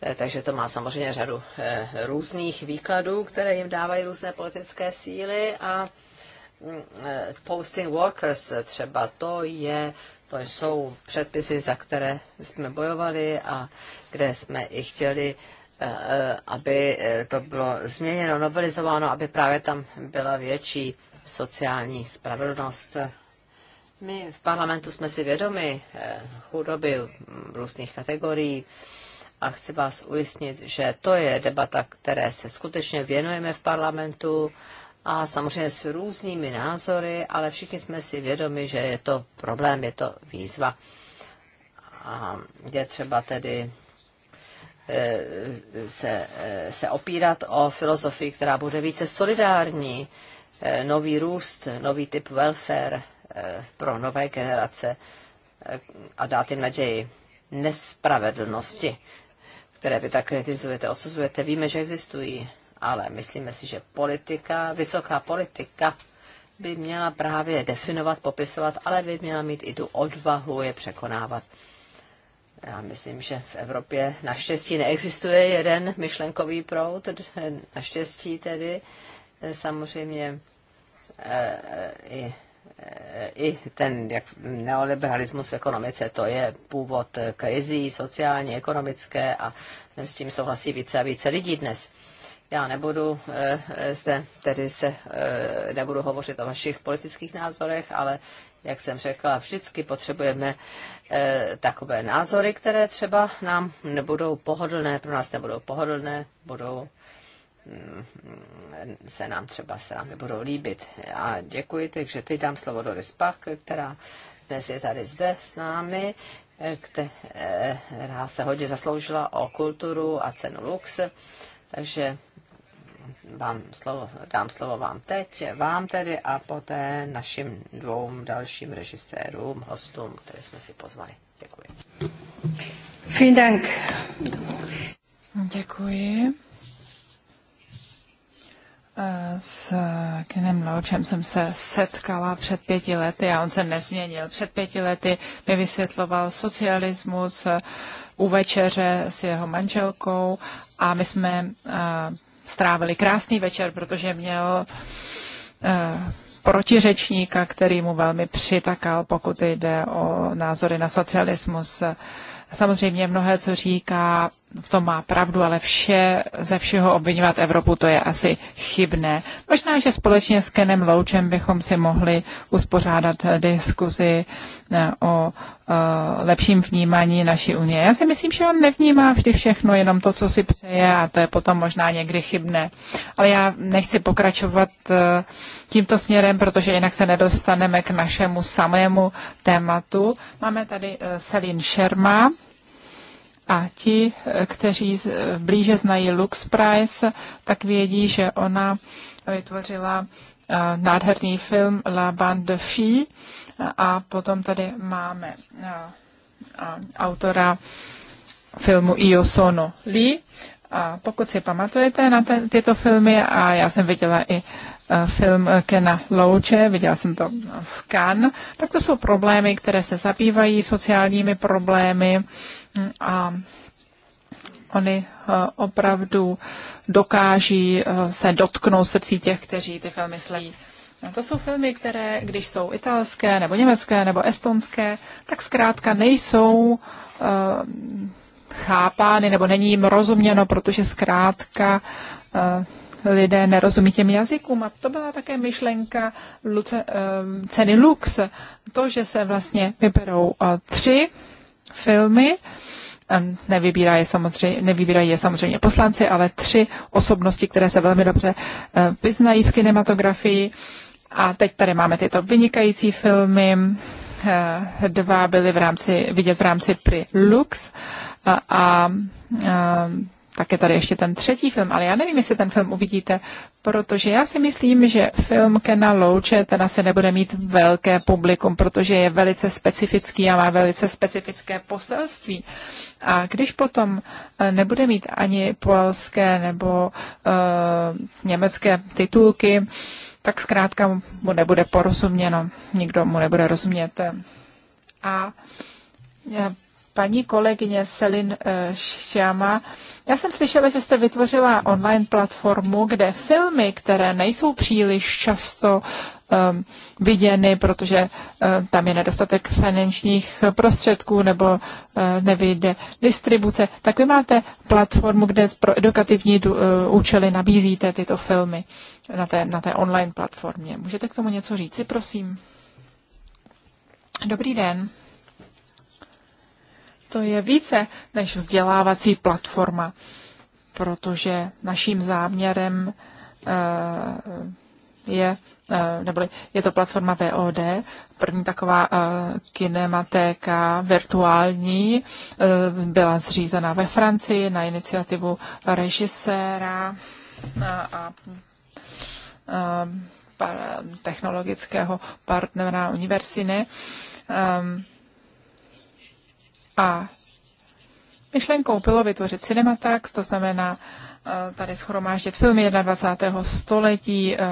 e, takže to má samozřejmě řadu e, různých výkladů, které jim dávají různé politické síly a mm, posting workers třeba, to je to jsou předpisy, za které jsme bojovali a kde jsme i chtěli, eh, eh, aby eh, to bylo změněno, novelizováno, aby právě tam byla větší sociální spravedlnost. My v parlamentu jsme si vědomi chudoby v různých kategorií a chci vás ujistit, že to je debata, které se skutečně věnujeme v parlamentu a samozřejmě s různými názory, ale všichni jsme si vědomi, že je to problém, je to výzva. A je třeba tedy e, se, e, se opírat o filozofii, která bude více solidární, e, nový růst, nový typ welfare pro nové generace a dát jim naději nespravedlnosti, které vy tak kritizujete, odsuzujete. Víme, že existují ale myslíme si, že politika, vysoká politika by měla právě definovat, popisovat, ale by měla mít i tu odvahu je překonávat. Já myslím, že v Evropě naštěstí neexistuje jeden myšlenkový proud, naštěstí tedy eh, samozřejmě eh, eh, i, i ten jak neoliberalismus v ekonomice, to je původ krizí sociálně ekonomické a s tím souhlasí více a více lidí dnes. Já nebudu eh, eh, zde, tedy se eh, nebudu hovořit o vašich politických názorech, ale jak jsem řekla, vždycky potřebujeme takové názory, které třeba nám nebudou pohodlné, pro nás nebudou pohodlné, budou mm, se nám třeba se nám nebudou líbit. A děkuji, takže teď dám slovo do Pak, která dnes je tady zde s námi, která se hodně zasloužila o kulturu a cenu Lux. Takže vám slovo, dám slovo vám teď, vám tedy a poté našim dvou dalším režisérům, hostům, které jsme si pozvali. Děkuji. Vielen Děkuji. Eh, s Kenem Loučem jsem se setkala před pěti lety a on se nezměnil. Před pěti lety mi vysvětloval socialismus eh, u večeře s jeho manželkou a my jsme eh, strávili krásný večer, protože měl eh, protiřečníka, který mu velmi přitakal, pokud jde o názory na socialismus. Samozřejmě mnohé, co říká, v tom má pravdu, ale vše, ze všeho obvinovat Evropu, to je asi chybné. Možná, že společně s Kenem Loučem bychom si mohli uspořádat diskuzi eh, o eh, lepším vnímání naší unie. Já si myslím, že on nevnímá vždy všechno, jenom to, co si přeje a to je potom možná někdy chybné. Ale já nechci pokračovat eh, tímto směrem, protože jinak se nedostaneme k našemu samému tématu. Máme tady Selin Šerma, a ti, kteří blíže znají Lux Price, tak vědí, že ona vytvořila nádherný film La Bande de Fille a potom tady máme autora filmu Io sono Lee. A pokud si pamatujete na ten, tyto filmy, a já jsem viděla i Eh, film Kena Louče, viděla jsem to v Cannes, tak to jsou problémy, které se zabývají sociálními problémy hm, a oni eh, opravdu dokáží eh, se dotknout srdcí těch, kteří ty filmy sledují. No to jsou filmy, které, když jsou italské, nebo německé, nebo estonské, tak zkrátka nejsou uh, chápány, nebo není jim rozuměno, protože zkrátka uh, lidé nerozumí těm jazykům. A to byla také myšlenka Luce, eh, ceny Lux. To, že se vlastně vyberou eh, tři filmy, eh, Nevybírá je samozřejmě, nevybírají je samozřejmě poslanci, ale tři osobnosti, které se velmi dobře vyznají v kinematografii. A teď tady máme tyto vynikající filmy. Dva byly v rámci, vidět v rámci Pri Lux a, a, a tak je tady ještě ten třetí film, ale já nevím, jestli ten film uvidíte, protože já si myslím, že film Kena Louče ten se nebude mít velké publikum, protože je velice specifický a má velice specifické poselství. A když potom eh, nebude mít ani polské nebo uh, německé titulky, tak zkrátka mu nebude porozuměno, nikdo mu nebude rozumět. A Paní kolegyně Selin eh, Šama, já jsem slyšela, že jste vytvořila online platformu, kde filmy, které nejsou příliš často um, viděny, protože um, tam je nedostatek finančních prostředků nebo uh, nevyjde distribuce, tak vy máte platformu, kde pro edukativní uh, účely nabízíte tyto filmy na té, na té online platformě. Můžete k tomu něco říci, prosím? Dobrý den to je více než vzdělávací platforma, protože naším záměrem eh, je eh, nebo je to platforma VOD, první taková eh, kinematéka virtuální, byla zřízena ve Francii na iniciativu režiséra a technologického partnera Universiny. A myšlenkou bylo vytvořit Cinematax, to znamená eh, tady schromáždit filmy 21. století, eh,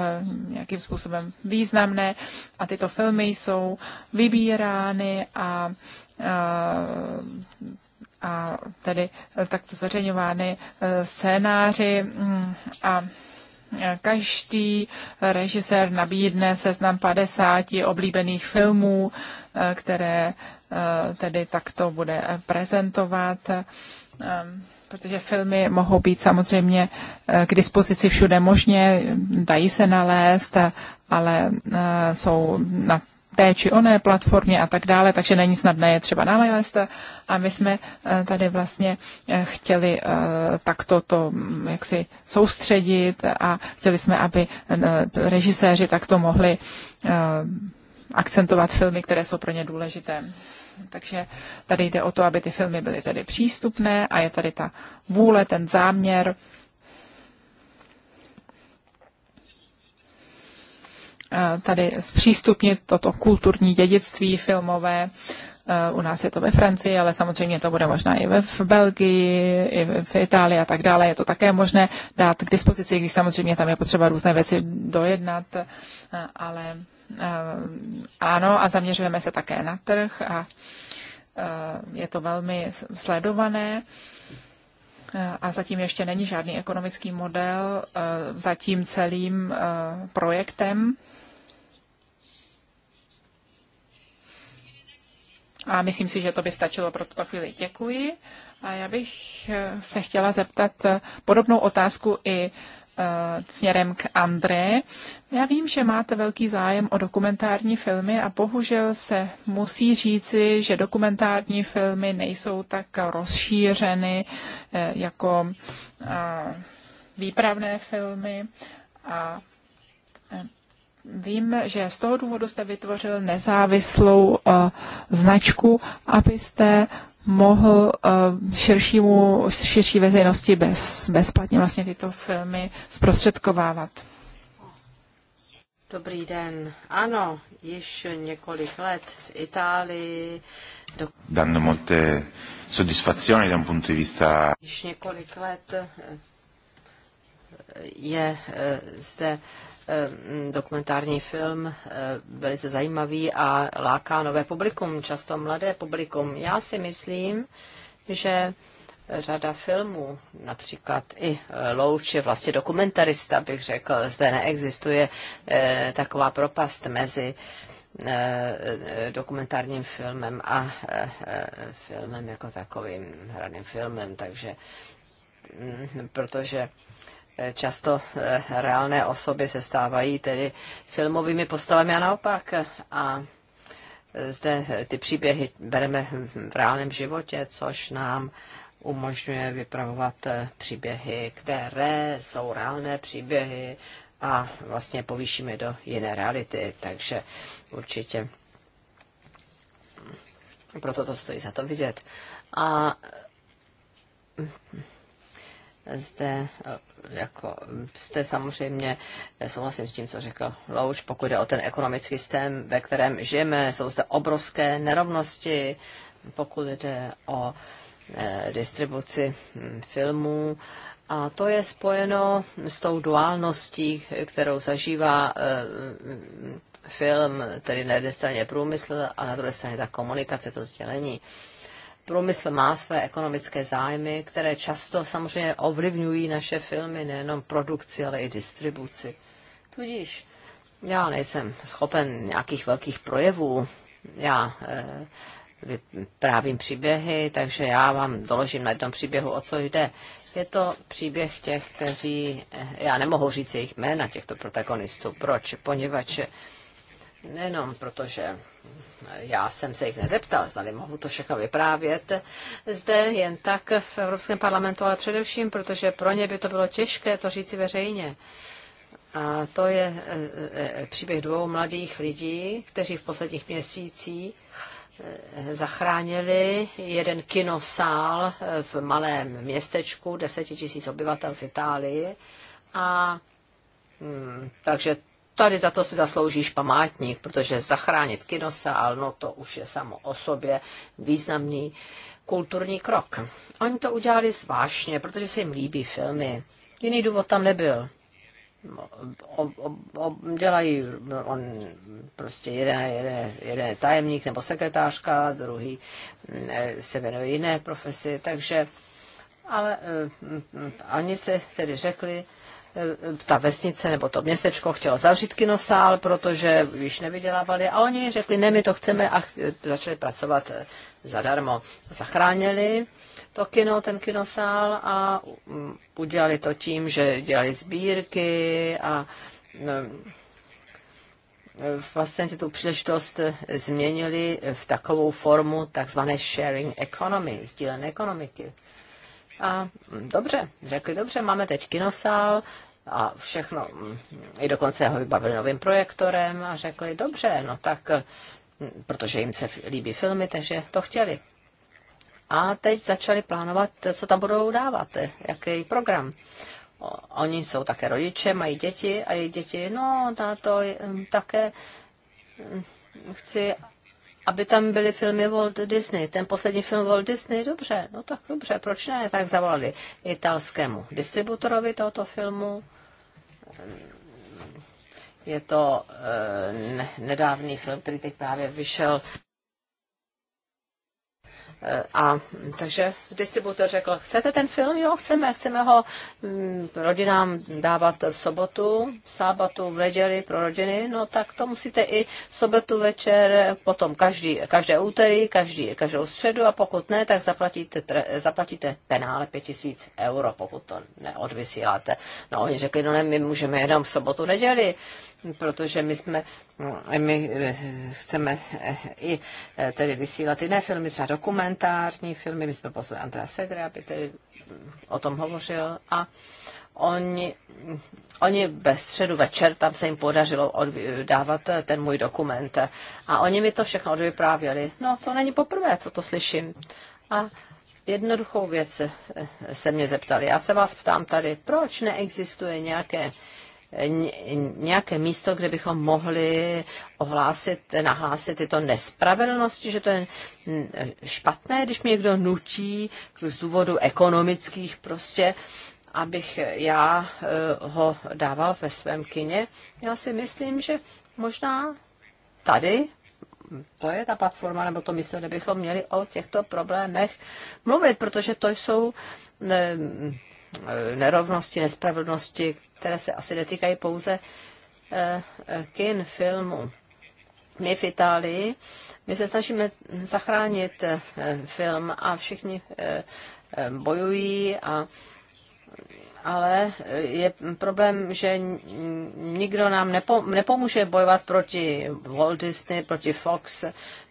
nějakým způsobem významné. A tyto filmy jsou vybírány a, a eh, a tedy takto zveřejňovány scénáři mm, a každý režisér nabídne seznam 50 oblíbených filmů, které eh, tedy takto bude prezentovat ehm, protože filmy mohou být samozřejmě eh, k dispozici všude možně, dají se nalézt, ale eh, jsou na té či oné platformě a tak dále, takže není snadné je třeba nalézt. A my jsme eh, tady vlastně eh, chtěli eh, takto to mm, jaksi soustředit a chtěli jsme, aby režiséři takto mohli akcentovat filmy, které jsou pro ně důležité. Takže tady jde o to, aby ty filmy byly tedy přístupné a je tady ta vůle, ten záměr Eh, tady zpřístupnit toto kulturní dědictví filmové. Eh, u nás je to ve Francii, ale samozřejmě to bude možná i ve v Belgii, i v Itálii a tak dále. Je to také možné dát k dispozici, když samozřejmě tam je potřeba různé věci dojednat, eh, ale ano, a zaměřujeme se také na trh a je to velmi sledované a zatím ještě není žádný ekonomický model eh, za tím celým eh, projektem. A myslím si, že to by stačilo pro tuto chvíli. Děkuji. A já bych eh, se chtěla zeptat podobnou otázku i Eh, směrem k André. Já vím, že máte velký zájem o dokumentární filmy a bohužel se musí říci, že dokumentární filmy nejsou tak rozšířeny eh, jako eh, výpravné filmy a Vím, že z toho důvodu jste vytvořil nezávislou značku, abyste mohl eh, širšímu, širší veřejnosti bez, bezplatně vlastně tyto filmy zprostředkovávat. Dobrý den. Ano, již několik let v Itálii. Do... Danno molte soddisfazioni da un punto di vista... Již několik let eh, je eh, zde dokumentární film, eh, velice zajímavý a láká nové publikum, často mladé publikum. Já si myslím, že řada filmů, například i eh, Louč je vlastně dokumentarista, bych řekl, zde neexistuje eh, taková propast mezi dokumentárním filmem a filmem jako takovým hraným filmem, takže mm, protože často eh, reálné osoby se stávají tedy filmovými postavami a naopak. A zde eh, ty příběhy bereme v reálném životě, což nám umožňuje vypravovat eh, příběhy, které jsou reálné příběhy a vlastně povýšíme do jiné reality. Takže určitě proto to stojí za to vidět. A zde eh, jako jste samozřejmě, souhlasím s tím, co řekl Louš, pokud jde o ten ekonomický systém, ve kterém žijeme, jsou zde obrovské nerovnosti, pokud jde o eh, distribuci hm, filmů. A to je spojeno s tou duálností, kterou zažívá eh, film, tedy na jedné straně průmysl a na druhé straně ta komunikace, to sdělení průmysl má své ekonomické zájmy, které často samozřejmě ovlivňují naše filmy, nejenom produkci, ale i distribuci. Tudíž já nejsem schopen nějakých velkých projevů. Já e, vyprávím příběhy, takže já vám doložím na jednom příběhu, o co jde. Je to příběh těch, kteří, eh, já nemohu říct jejich jména těchto protagonistů. Proč? Poněvadž nejenom protože já jsem se jich nezeptal, zda mohu to všechno vyprávět zde jen tak v Evropském parlamentu, ale především, protože pro ně by to bylo těžké to říci veřejně. A to je e, e, příběh dvou mladých lidí, kteří v posledních měsících e, zachránili jeden kinosál v malém městečku, deseti tisíc obyvatel v Itálii. A mm, takže tady za to si zasloužíš památník, protože zachránit kinosál, no to už je samo o sobě významný kulturní krok. Oni to udělali zvláštně, protože se jim líbí filmy. Jiný důvod tam nebyl. O, o, o, dělají no, on prostě jeden, jeden, jeden tajemník nebo sekretářka, druhý se věnuje jiné profesi, takže ale eh, m, oni se tedy řekli, Eh, ta vesnice nebo to městečko chtělo zavřít kinosál, protože již nevydělávali a oni řekli, ne, my to chceme a začali pracovat eh, zadarmo. Zachránili to kino, ten kinosál a mm, udělali to tím, že dělali sbírky a mm, eh, vlastně tu příležitost změnili v takovou formu takzvané sharing economy, sdílené ekonomiky. A mm, dobře, řekli, dobře, máme teď kinosál, a všechno, mm, i dokonce ho vybavili novým projektorem a řekli, dobře, no tak, mm, protože jim se líbí filmy, takže to chtěli. A teď začali plánovat, co tam budou dávat, jaký program. Oni jsou také rodiče, mají děti a jejich děti, no, to mm, také chci, aby tam byly filmy Walt Disney. Ten poslední film Walt Disney, dobře, no tak dobře, proč ne? Tak zavolali italskému distributorovi tohoto filmu je to eh, nedávný film, který teď právě vyšel a takže distributor řekl, chcete ten film? Jo, chceme, chceme ho mm, rodinám dávat v sobotu, v sábatu, v neděli pro rodiny, no tak to musíte i v sobotu večer, potom každý, každé úterý, každý, každou středu a pokud ne, tak zaplatíte, zaplatíte penále 5000 euro, pokud to neodvysíláte. No oni řekli, no ne, my můžeme jenom v sobotu, neděli protože my jsme my eh, chceme eh, i eh, tedy vysílat jiné filmy, třeba dokumentární filmy. My jsme pozvali Andrea Sedra, aby tedy mm, o tom hovořil a Oni, oni ve středu večer, tam se jim podařilo dávat ten můj dokument. A oni mi to všechno odvyprávěli. No, to není poprvé, co to slyším. A jednoduchou věc se mě zeptali. Já se vás ptám tady, proč neexistuje nějaké nějaké místo, kde bychom mohli ohlásit, nahlásit tyto nespravedlnosti, že to je špatné, když mě někdo nutí z důvodu ekonomických prostě, abych já eh, ho dával ve svém kině. Já si myslím, že možná tady to je ta platforma nebo to místo, kde bychom měli o těchto problémech mluvit, protože to jsou nerovnosti, nespravedlnosti, které se asi netýkají pouze eh, eh, kin, filmu. My v Itálii, my se snažíme zachránit eh, film a všichni bojují a ale je problém, že nikdo nám nepo, nepomůže bojovat proti Walt Disney, proti Fox.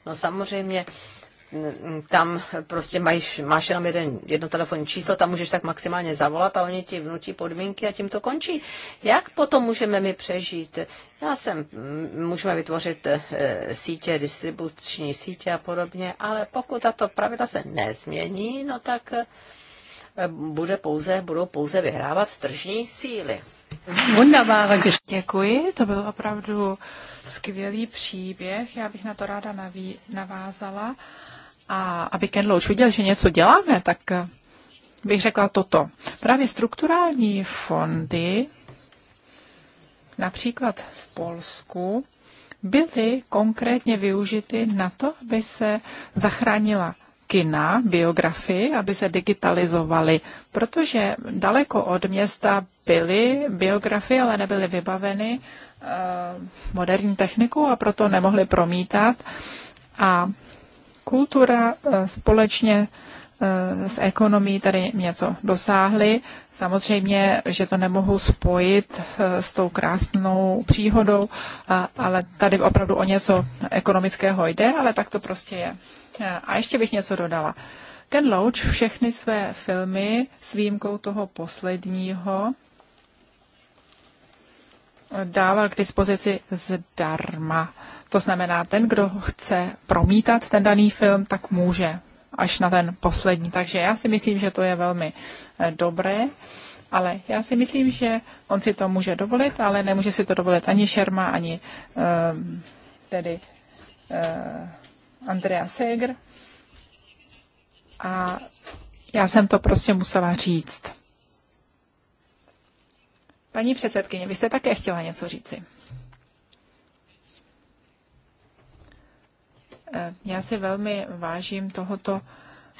No samozřejmě tam prostě máš, máš jenom jeden, jedno telefonní číslo, tam můžeš tak maximálně zavolat a oni ti vnutí podmínky a tím to končí. Jak potom můžeme my přežít? Já jsem, mm, můžeme vytvořit eh, sítě, distribuční sítě a podobně, ale pokud tato pravidla se nezmění, no tak eh, bude pouze, budou pouze vyhrávat tržní síly. Děkuji, to byl opravdu skvělý příběh. Já bych na to ráda naví- navázala a aby Ken Loach viděl, že něco děláme, tak eh, bych řekla toto. Právě strukturální fondy, například v Polsku, byly konkrétně využity na to, aby se zachránila kina, biografii, aby se digitalizovaly, protože daleko od města byly biografie, ale nebyly vybaveny eh, moderní technikou a proto nemohly promítat. A kultura eh, společně eh, s ekonomí tady něco dosáhli. Samozřejmě, že to nemohu spojit eh, s tou krásnou příhodou, ale tady opravdu o něco ekonomického jde, ale tak to prostě je. A ještě bych něco dodala. Ken Loach všechny své filmy s výjimkou toho posledního dával k dispozici zdarma. To znamená, ten, kdo chce promítat ten daný film, tak může až na ten poslední. Takže já si myslím, že to je velmi eh, dobré, ale já si myslím, že on si to může dovolit, ale nemůže si to dovolit ani Šerma, ani um, tedy uh, Andrea Seger. A já jsem to prostě musela říct. Paní předsedkyně, vy jste také chtěla něco říci. Eh, já si velmi vážím tohoto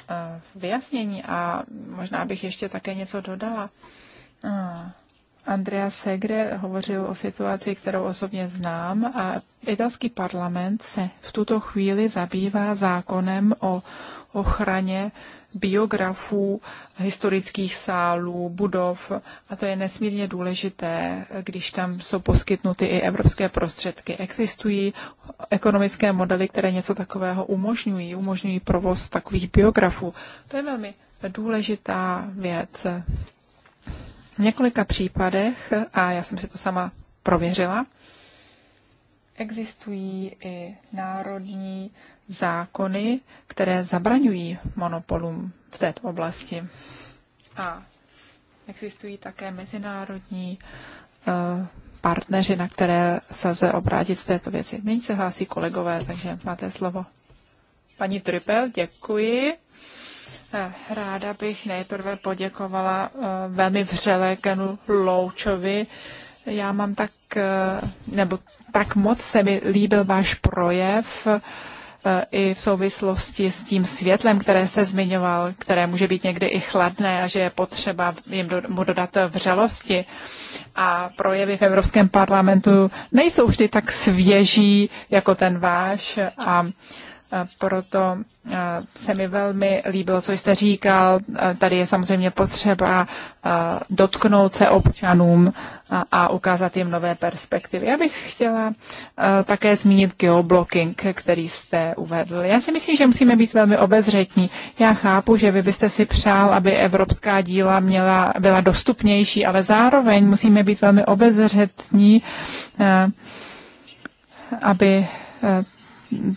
eh, vyjasnění a možná bych ještě také něco dodala. Eh, Andrea Segre hovořil o situaci, kterou osobně znám a italský parlament se v tuto chvíli zabývá zákonem o ochraně biografů, historických sálů, budov a to je nesmírně důležité, když tam jsou poskytnuty i evropské prostředky. Existují ekonomické modely, které něco takového umožňují, umožňují provoz takových biografů. To je velmi důležitá věc v několika případech, a já jsem si to sama prověřila, existují i národní zákony, které zabraňují monopolům v této oblasti. A existují také mezinárodní uh, partneři, na které se lze obrátit v této věci. Nyní se hlásí kolegové, takže máte slovo. Paní Trypel, děkuji. Eh, ráda bych nejprve poděkovala eh, velmi vřele Kenu Loučovi. Já mám tak, eh, nebo tak moc se mi líbil váš projev i v souvislosti s tím světlem, které se zmiňoval, které může být někdy i chladné a že je potřeba jim do, mu dodat vřelosti. A projevy v Evropském parlamentu nejsou vždy tak svěží jako ten váš a proto se mi velmi líbilo, co jste říkal. Tady je samozřejmě potřeba dotknout se občanům a ukázat jim nové perspektivy. Já bych chtěla také zmínit geoblocking, který jste uvedl. Já si myslím, že musíme být velmi obezřetní. Já chápu, že vy byste si přál, aby evropská díla měla, byla dostupnější, ale zároveň musíme být velmi obezřetní, aby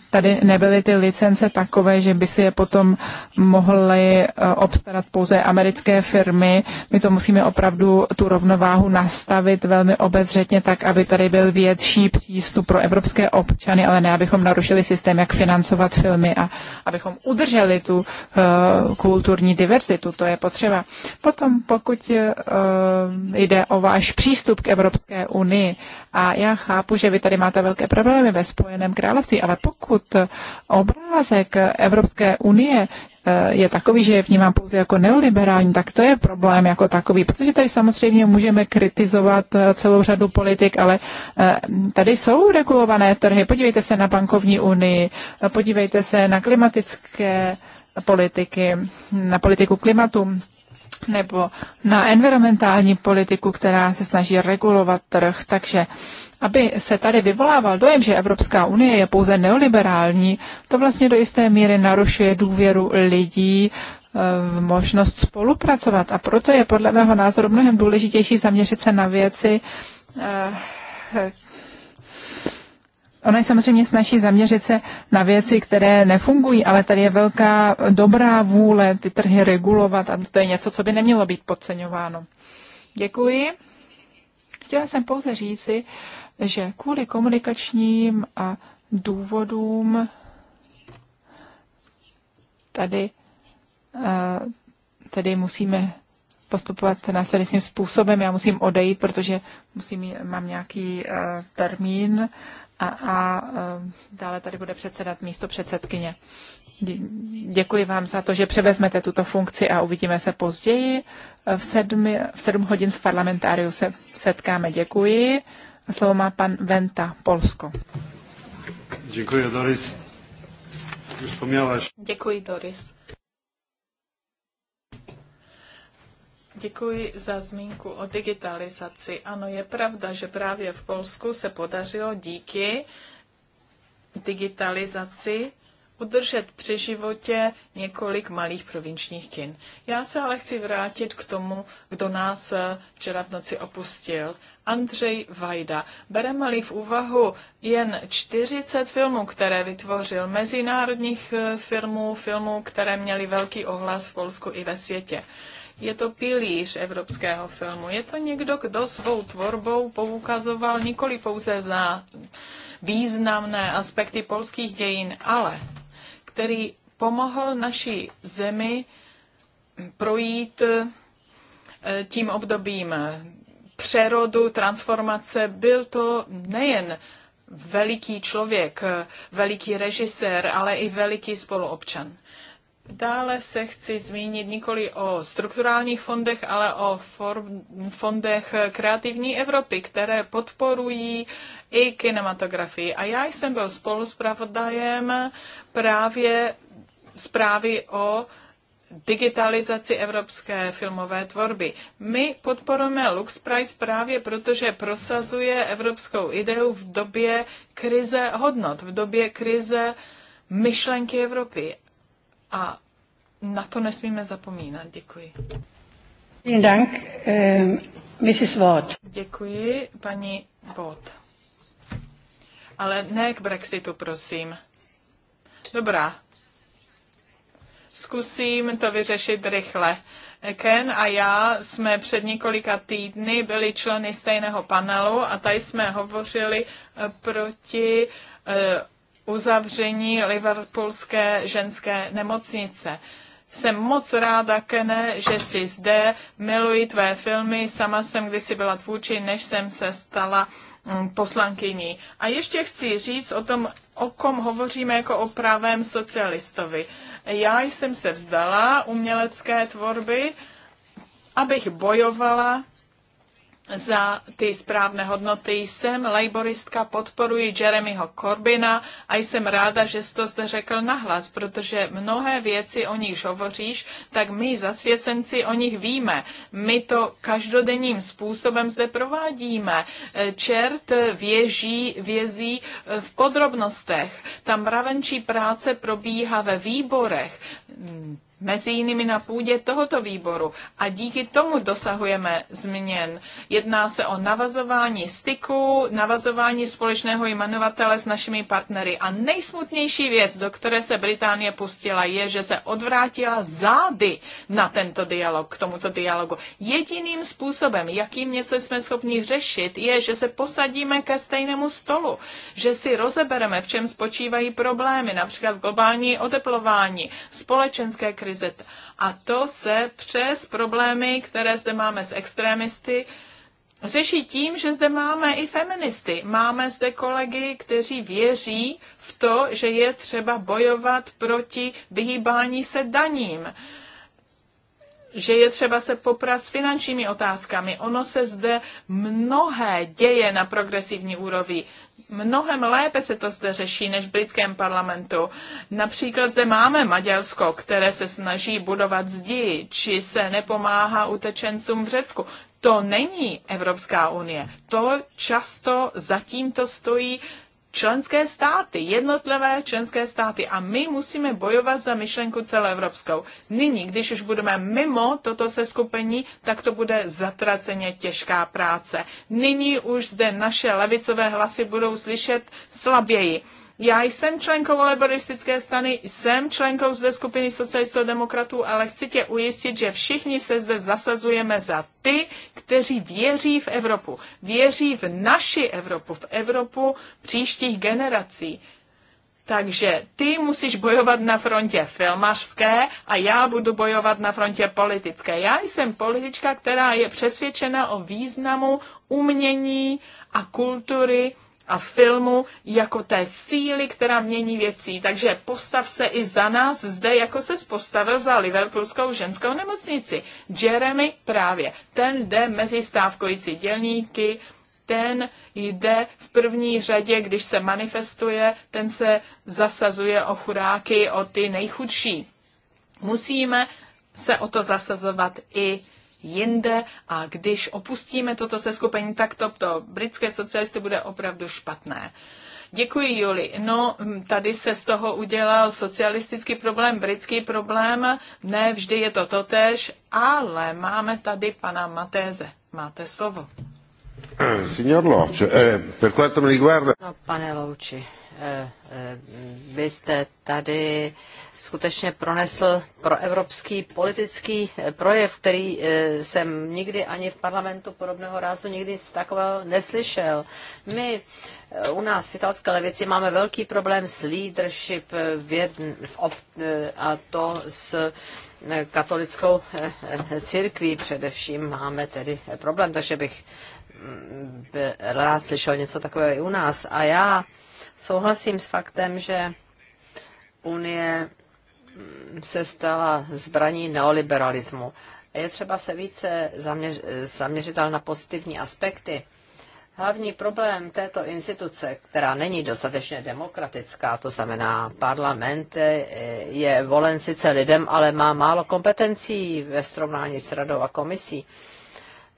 tady nebyly ty licence takové, že by si je potom mohly eh, obstarat pouze americké firmy. My to musíme opravdu tu rovnováhu nastavit velmi obezřetně tak, aby tady byl větší přístup pro evropské občany, ale ne abychom narušili systém, jak financovat filmy a abychom udrželi tu uh, kulturní diverzitu. To je potřeba. Potom, pokud uh, jde o váš přístup k Evropské unii, a já chápu, že vy tady máte velké problémy ve Spojeném království, ale pokud obrázek Evropské unie eh, je takový, že je vnímám pouze jako neoliberální, tak to je problém jako takový, protože tady samozřejmě můžeme kritizovat eh, celou řadu politik, ale eh, tady jsou regulované trhy. Podívejte se na bankovní unii, podívejte se na klimatické politiky, na politiku klimatu nebo na environmentální politiku, která se snaží regulovat trh. Takže aby se tady vyvolával dojem, že Evropská unie je pouze neoliberální, to vlastně do jisté míry narušuje důvěru lidí eh, v možnost spolupracovat. A proto je podle mého názoru mnohem důležitější zaměřit se na věci, eh, Ono je samozřejmě snaží zaměřit se na věci, které nefungují, ale tady je velká dobrá vůle ty trhy regulovat a to je něco, co by nemělo být podceňováno. Děkuji. Chtěla jsem pouze říci, že kvůli komunikačním a důvodům tady, eh, tady musíme postupovat následujícím způsobem. Já musím odejít, protože musím, mám nějaký eh, termín a, a e, dále tady bude předsedat místo předsedkyně. Děkuji vám za to, že převezmete tuto funkci a uvidíme se později. E, v, sedmi, v sedm hodin v parlamentáriu se setkáme. Děkuji. A slovo má pan Venta, Polsko. Děkuji, Doris. Děkuji, Doris. Děkuji za zmínku o digitalizaci. Ano, je pravda, že právě v Polsku se podařilo díky digitalizaci udržet při životě několik malých provinčních kin. Já se ale chci vrátit k tomu, kdo nás eh, včera v noci opustil. Andřej Vajda. Bereme-li v úvahu jen 40 filmů, které vytvořil, mezinárodních eh, filmů, filmů, které měly velký ohlas v Polsku i ve světě. Je to pilíř evropského filmu. Je to někdo, kdo svou tvorbou poukazoval nikoli pouze za významné aspekty polských dějin, ale který pomohl naší zemi projít eh, tím obdobím přerodu, transformace. Byl to nejen veliký člověk, veliký režisér, ale i veliký spoluobčan. Dále se chci zmínit nikoli o strukturálních fondech, ale o fondech kreativní Evropy, které podporují i kinematografii. A já jsem byl spoluzpravodajem právě zprávy o digitalizaci evropské filmové tvorby. My podporujeme Lux Prize právě proto, že prosazuje evropskou ideu v době krize hodnot, v době krize myšlenky Evropy. A na to nesmíme zapomínat. Děkuji. Vielen Dank, eh, Mrs. Watt. Děkuji, paní Bot. Ale ne k Brexitu, prosím. Dobrá. Zkusím to vyřešit rychle. Ken a já jsme před několika týdny byli členy stejného panelu a tady jsme hovořili eh, proti eh, uzavření Liverpoolské ženské nemocnice. Jsem moc ráda, Kene, že jsi zde, miluji tvé filmy, sama jsem kdysi byla tvůči, než jsem se stala mm, poslankyní. A ještě chci říct o tom, o kom hovoříme jako o pravém socialistovi. Já jsem se vzdala umělecké tvorby, abych bojovala za ty správné hodnoty. Jsem laboristka, podporuji Jeremyho Corbina a jsem ráda, že jsi to zde řekl nahlas, protože mnohé věci, o nich hovoříš, tak my zasvěcenci o nich víme. My to každodenním způsobem zde provádíme. Čert věží, vězí v podrobnostech. Tam mravenčí práce probíhá ve výborech mezi jinými na půdě tohoto výboru a díky tomu dosahujeme změn. Jedná se o navazování styku, navazování společného jmenovatele s našimi partnery a nejsmutnější věc, do které se Británie pustila, je, že se odvrátila zády na tento dialog, k tomuto dialogu. Jediným způsobem, jakým něco jsme schopni řešit, je, že se posadíme ke stejnému stolu, že si rozebereme, v čem spočívají problémy, například globální oteplování, společenské krize, krize. A to se přes problémy, které zde máme s extremisty, řeší tím, že zde máme i feministy. Máme zde kolegy, kteří věří v to, že je třeba bojovat proti vyhýbání se daním že je třeba se poprat s finančními otázkami. Ono se zde mnohé děje na progresivní úrovni. Mnohem lépe se to zde řeší než v britském parlamentu. Například zde máme Maďarsko, které se snaží budovat zdi, či se nepomáhá utečencům v Řecku. To není Evropská unie. To často zatím to stojí členské státy, jednotlivé členské státy a my musíme bojovat za myšlenku celoevropskou. Nyní, když už budeme mimo toto seskupení, tak to bude zatraceně těžká práce. Nyní už zde naše levicové hlasy budou slyšet slaběji já jsem členkou laboristické strany, jsem členkou zde skupiny socialistů a demokratů, ale chci tě ujistit, že všichni se zde zasazujeme za ty, kteří věří v Evropu. Věří v naši Evropu, v Evropu příštích generací. Takže ty musíš bojovat na frontě filmařské a já budu bojovat na frontě politické. Já jsem politička, která je přesvědčena o významu umění a kultury a filmu jako té síly, která mění věcí. Takže postav se i za nás zde, jako se postavil za Liverpoolskou ženskou nemocnici. Jeremy právě, ten jde mezi stávkující dělníky, ten jde v první řadě, když se manifestuje, ten se zasazuje o churáky, o ty nejchudší. Musíme se o to zasazovat i jinde a když opustíme toto seskupení, tak to, to britské socialisty bude opravdu špatné. Děkuji, Juli. No, tady se z toho udělal socialistický problém, britský problém. Ne, vždy je to totéž, ale máme tady pana Matéze. Máte slovo. Eh, signor Loce, eh, per quanto mi riguarda... No, pane Louči, Eh, vy jste tady skutečně pronesl proevropský politický eh, projev, který eh, jsem nikdy ani v parlamentu podobného rázu nikdy nic takového neslyšel. My u nás v italské levici máme velký problém s leadership v jedn, v ob, a to s katolickou církví především máme tedy problém, takže bych mm, rád slyšel něco takového i u nás. A já Souhlasím s faktem, že Unie se stala zbraní neoliberalismu. Je třeba se více zaměř, zaměřit na pozitivní aspekty. Hlavní problém této instituce, která není dostatečně demokratická, to znamená parlament je volen sice lidem, ale má málo kompetencí ve srovnání s radou a komisí.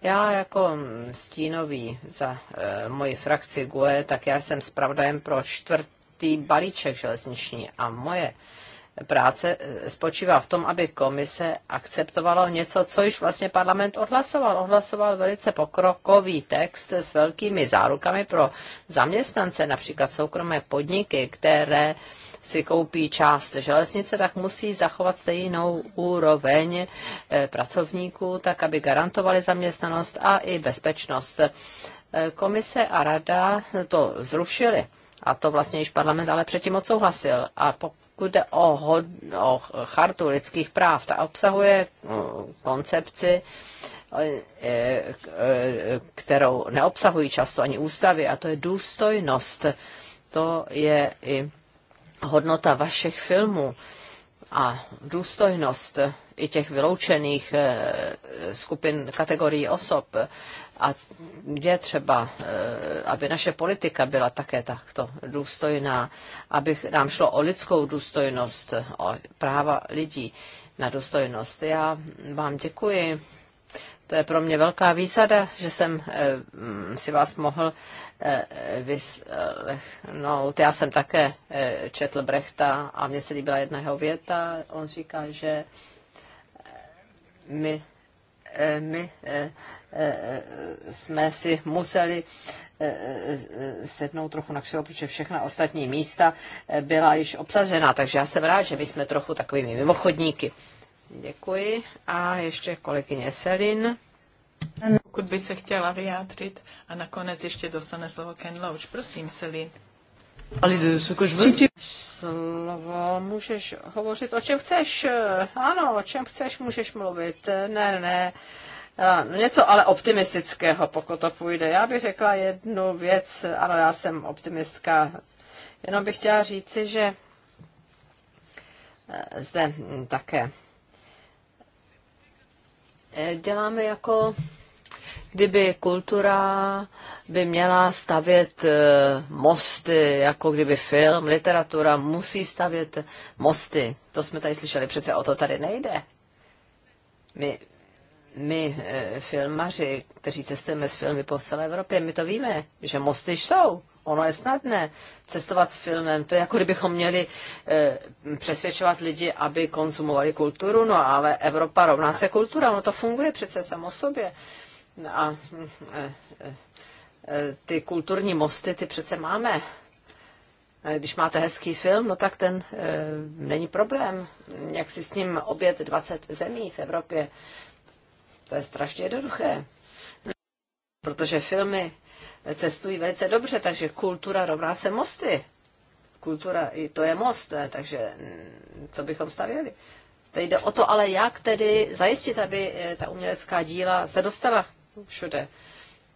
Já jako stínový za e, moji frakci GUE, tak já jsem zpravodajem pro čtvrtý balíček železniční a moje práce eh, spočívá v tom, aby komise akceptovala něco, co již vlastně parlament odhlasoval. Odhlasoval velice pokrokový text s velkými zárukami pro zaměstnance, například soukromé podniky, které si koupí část železnice, tak musí zachovat stejnou úroveň eh, pracovníků, tak aby garantovali zaměstnanost a i bezpečnost. Eh, komise a rada to zrušily a to vlastně již parlament ale předtím odsouhlasil. A pokud jde o, hod, o chartu lidských práv, ta obsahuje no, koncepci, e, e, kterou neobsahují často ani ústavy, a to je důstojnost. To je i hodnota vašich filmů a důstojnost i těch vyloučených e, skupin kategorií osob. A je třeba, eh, aby naše politika byla také takto důstojná, aby nám šlo o lidskou důstojnost, o práva lidí na důstojnost. Já vám děkuji. To je pro mě velká výsada, že jsem eh, mm, si vás mohl eh, vyslechnout. Já jsem také četl Brechta a mně se líbila jedna jeho věta. On říká, že my, my Eh, eh, jsme si museli eh, sednout trochu na křivo, protože všechna ostatní místa byla již obsazena, takže já jsem rád, že my jsme trochu takovými mimochodníky. Děkuji. A ještě kolegyně Selin. Pokud by se chtěla vyjádřit a nakonec ještě dostane slovo Ken Loach. Prosím, Selin. Slovo, můžeš hovořit o čem chceš. Ano, o čem chceš, můžeš mluvit. Ne, ne, No, něco ale optimistického, pokud to půjde. Já bych řekla jednu věc, ano, já jsem optimistka. Jenom bych chtěla říci, že e, zde také e, děláme jako kdyby kultura by měla stavět e, mosty, jako kdyby film, literatura musí stavět mosty. To jsme tady slyšeli, přece o to tady nejde. My my, eh, filmaři, kteří cestujeme s filmy po celé Evropě, my to víme, že mosty jsou. Ono je snadné cestovat s filmem. To je jako kdybychom měli e, přesvědčovat lidi, aby konzumovali kulturu, no ale Evropa rovná se kultura, no to funguje přece samo sobě. A e, e, ty kulturní mosty, ty přece máme. Když máte hezký film, no tak ten e, není problém. Jak si s ním obět 20 zemí v Evropě. To je strašně jednoduché. Protože filmy cestují velice dobře, takže kultura rovná se mosty. Kultura, to je most, ne? takže mm, co bychom stavěli? Teď jde o to, ale jak tedy zajistit, aby eh, ta umělecká díla se dostala všude.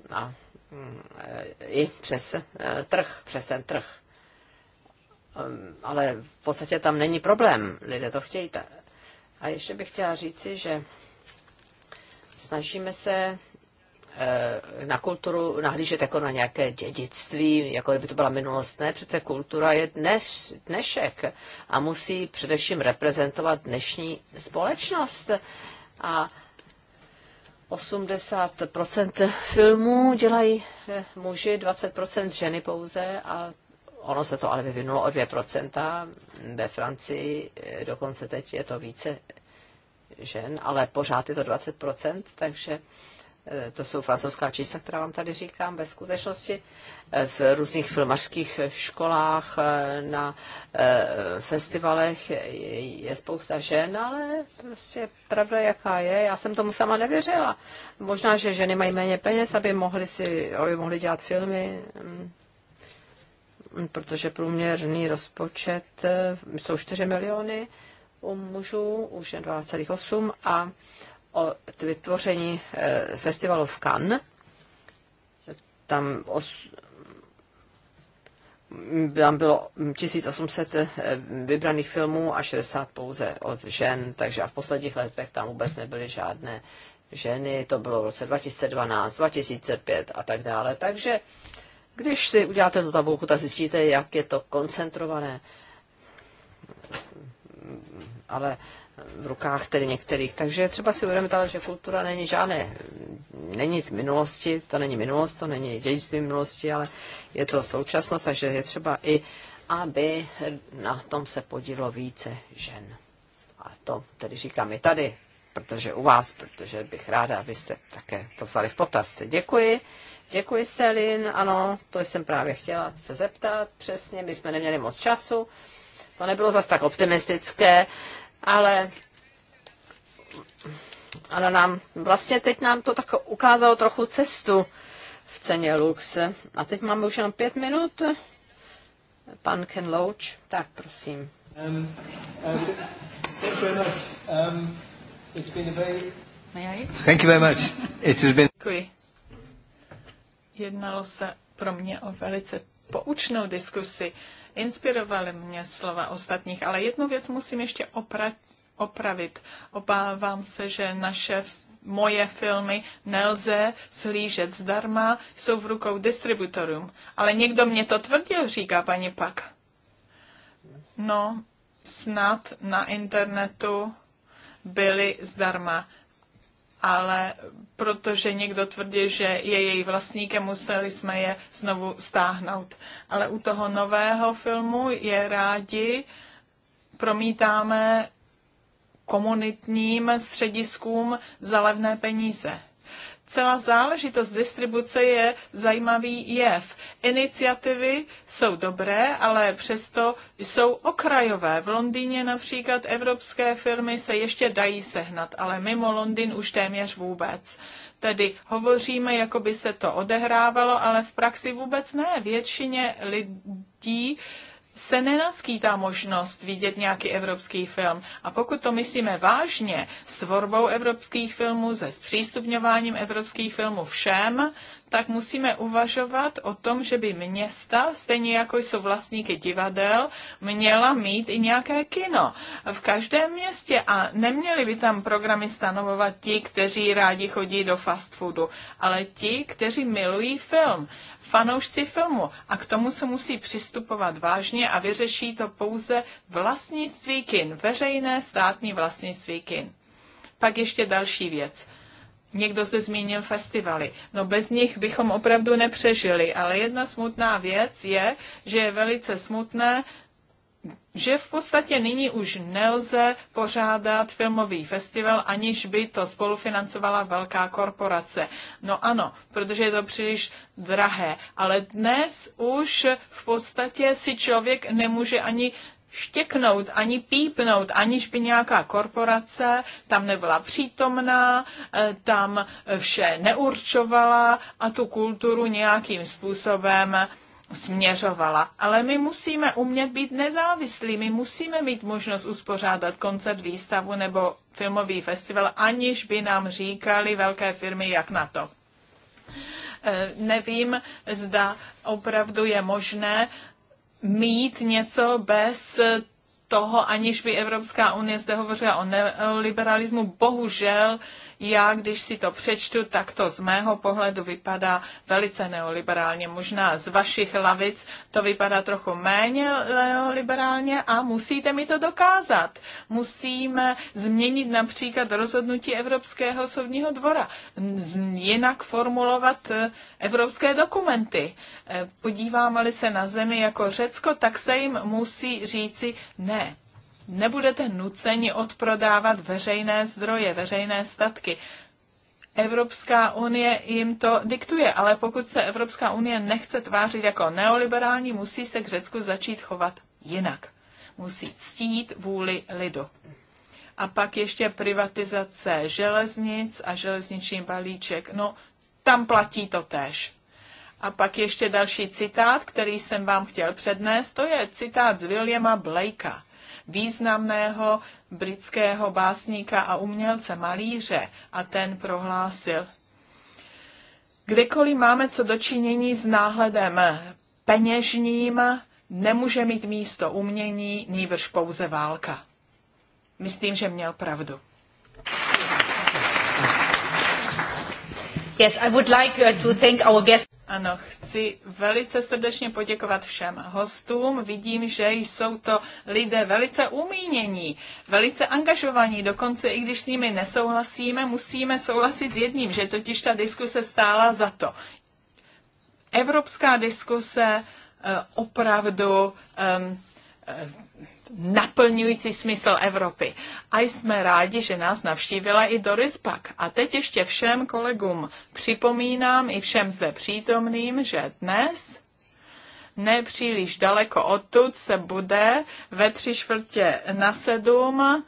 A mm, eh, i přes eh, trh, přes ten trh. Ehm, ale v podstatě tam není problém, lidé to chtějí. A ještě bych chtěla říci, že Snažíme se eh, na kulturu nahlížet jako na nějaké dědictví, jako kdyby to byla minulost. Ne, přece kultura je dneš, dnešek a musí především reprezentovat dnešní společnost. A 80% filmů dělají eh, muži, 20% ženy pouze a ono se to ale vyvinulo o 2%. Ve Francii eh, dokonce teď je to více žen, ale pořád je to 20%, takže eh, to jsou francouzská čísla, která vám tady říkám, ve skutečnosti eh, v různých filmařských školách, eh, na festivalech je spousta žen, ale prostě pravda jaká je, já jsem tomu sama nevěřila. Možná, že ženy mají méně peněz, aby mohly, si, aby mohly dělat filmy, mm, mm, protože průměrný rozpočet jsou 4 miliony u mužů, už 2,8 a o vytvoření e, festivalu v Cannes. Tam, os, tam bylo 1800 e, vybraných filmů a 60 pouze od žen, takže a v posledních letech tam vůbec nebyly žádné ženy, to bylo v roce 2012, 2005 a tak dále. Takže když si uděláte tu tabulku, tak zjistíte, jak je to koncentrované ale v rukách tedy některých. Takže třeba si uvědomit, ale že kultura není žádné, není nic minulosti, to není minulost, to není dědictví minulosti, ale je to současnost, takže je třeba i, aby na tom se podílo více žen. A to tedy říkám i tady, protože u vás, protože bych ráda, abyste také to vzali v potaz. Děkuji. Děkuji, Selin. Ano, to jsem právě chtěla se zeptat. Přesně, my jsme neměli moc času. To nebylo zas tak optimistické, ale ale nám, vlastně teď nám to tak ukázalo trochu cestu v ceně Lux. A teď máme už jenom pět minut. Pan Ken Loach, tak prosím. Um, uh, thank you very much. Um, it's been a very... Thank you very much. It has been... Děkuji. Jednalo se pro mě o velice poučnou diskusi. Inspirovaly mě slova ostatních, ale jednu věc musím ještě opra- opravit. Obávám se, že naše moje filmy nelze slížet zdarma, jsou v rukou distributorům. Ale někdo mě to tvrdil, říká paní Pak. No, snad na internetu byly zdarma ale protože někdo tvrdí, že je její vlastníkem, museli jsme je znovu stáhnout. Ale u toho nového filmu je rádi, promítáme komunitním střediskům za levné peníze celá záležitost distribuce je zajímavý jev. Iniciativy jsou dobré, ale přesto jsou okrajové. V Londýně například evropské firmy se ještě dají sehnat, ale mimo Londýn už téměř vůbec. Tedy hovoříme, jako by se to odehrávalo, ale v praxi vůbec ne. Většině lidí se nenaskýtá možnost vidět nějaký evropský film. A pokud to myslíme vážně s tvorbou evropských filmů, se zpřístupňováním evropských filmů všem, tak musíme uvažovat o tom, že by města, stejně jako jsou vlastníky divadel, měla mít i nějaké kino v každém městě a neměli by tam programy stanovovat ti, kteří rádi chodí do fast foodu, ale ti, kteří milují film fanoušci filmu a k tomu se musí přistupovat vážně a vyřeší to pouze vlastnictví kin, veřejné státní vlastnictví kin. Pak ještě další věc. Někdo zde zmínil festivaly. No bez nich bychom opravdu nepřežili, ale jedna smutná věc je, že je velice smutné, že v podstatě nyní už nelze pořádat filmový festival, aniž by to spolufinancovala velká korporace. No ano, protože je to příliš drahé, ale dnes už v podstatě si člověk nemůže ani štěknout, ani pípnout, aniž by nějaká korporace tam nebyla přítomná, eh, tam vše neurčovala a tu kulturu nějakým způsobem směřovala. Ale my musíme umět být nezávislí, my musíme mít možnost uspořádat koncert, výstavu nebo filmový festival, aniž by nám říkali velké firmy, jak na to. E, nevím, zda opravdu je možné mít něco bez toho, aniž by Evropská unie zde hovořila o neoliberalismu. Bohužel já, když si to přečtu, tak to z mého pohledu vypadá velice neoliberálně. Možná z vašich lavic to vypadá trochu méně neoliberálně a musíte mi to dokázat. Musíme změnit například rozhodnutí Evropského soudního dvora, jinak formulovat eh, evropské dokumenty. Eh, podíváme-li se na zemi jako Řecko, tak se jim musí říci ne nebudete nuceni odprodávat veřejné zdroje, veřejné statky. Evropská unie jim to diktuje, ale pokud se Evropská unie nechce tvářit jako neoliberální, musí se k Řecku začít chovat jinak. Musí ctít vůli lidu. A pak ještě privatizace železnic a železniční balíček. No, tam platí to tež. A pak ještě další citát, který jsem vám chtěl přednést, to je citát z Williama Blakea významného britského básníka a umělce, malíře, a ten prohlásil, Kdekoliv máme co dočinění s náhledem peněžním, nemůže mít místo umění, nýbrž pouze válka. Myslím, že měl pravdu. Yes, I would like uh, to thank our guest. Ano, chci velice srdečně poděkovat všem hostům. Vidím, že jsou to lidé velice umínění, velice angažovaní. Dokonce i když s nimi nesouhlasíme, musíme souhlasit s jedním, že totiž ta diskuse stála za to. Evropská diskuse eh, opravdu um, naplňující smysl Evropy. A jsme rádi, že nás navštívila i Doris Pak. A teď ještě všem kolegům připomínám i všem zde přítomným, že dnes nepříliš daleko odtud se bude ve tři čtvrtě na sedm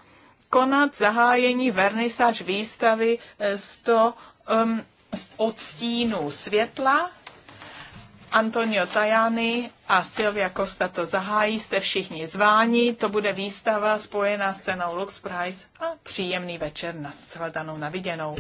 konat zahájení vernisáž výstavy 100 eh, um, od stínů světla Antonio Tajani a Silvia Costa to zahájí, jste všichni zváni, to bude výstava spojená s cenou Lux Prize a příjemný večer, na nashledanou, naviděnou.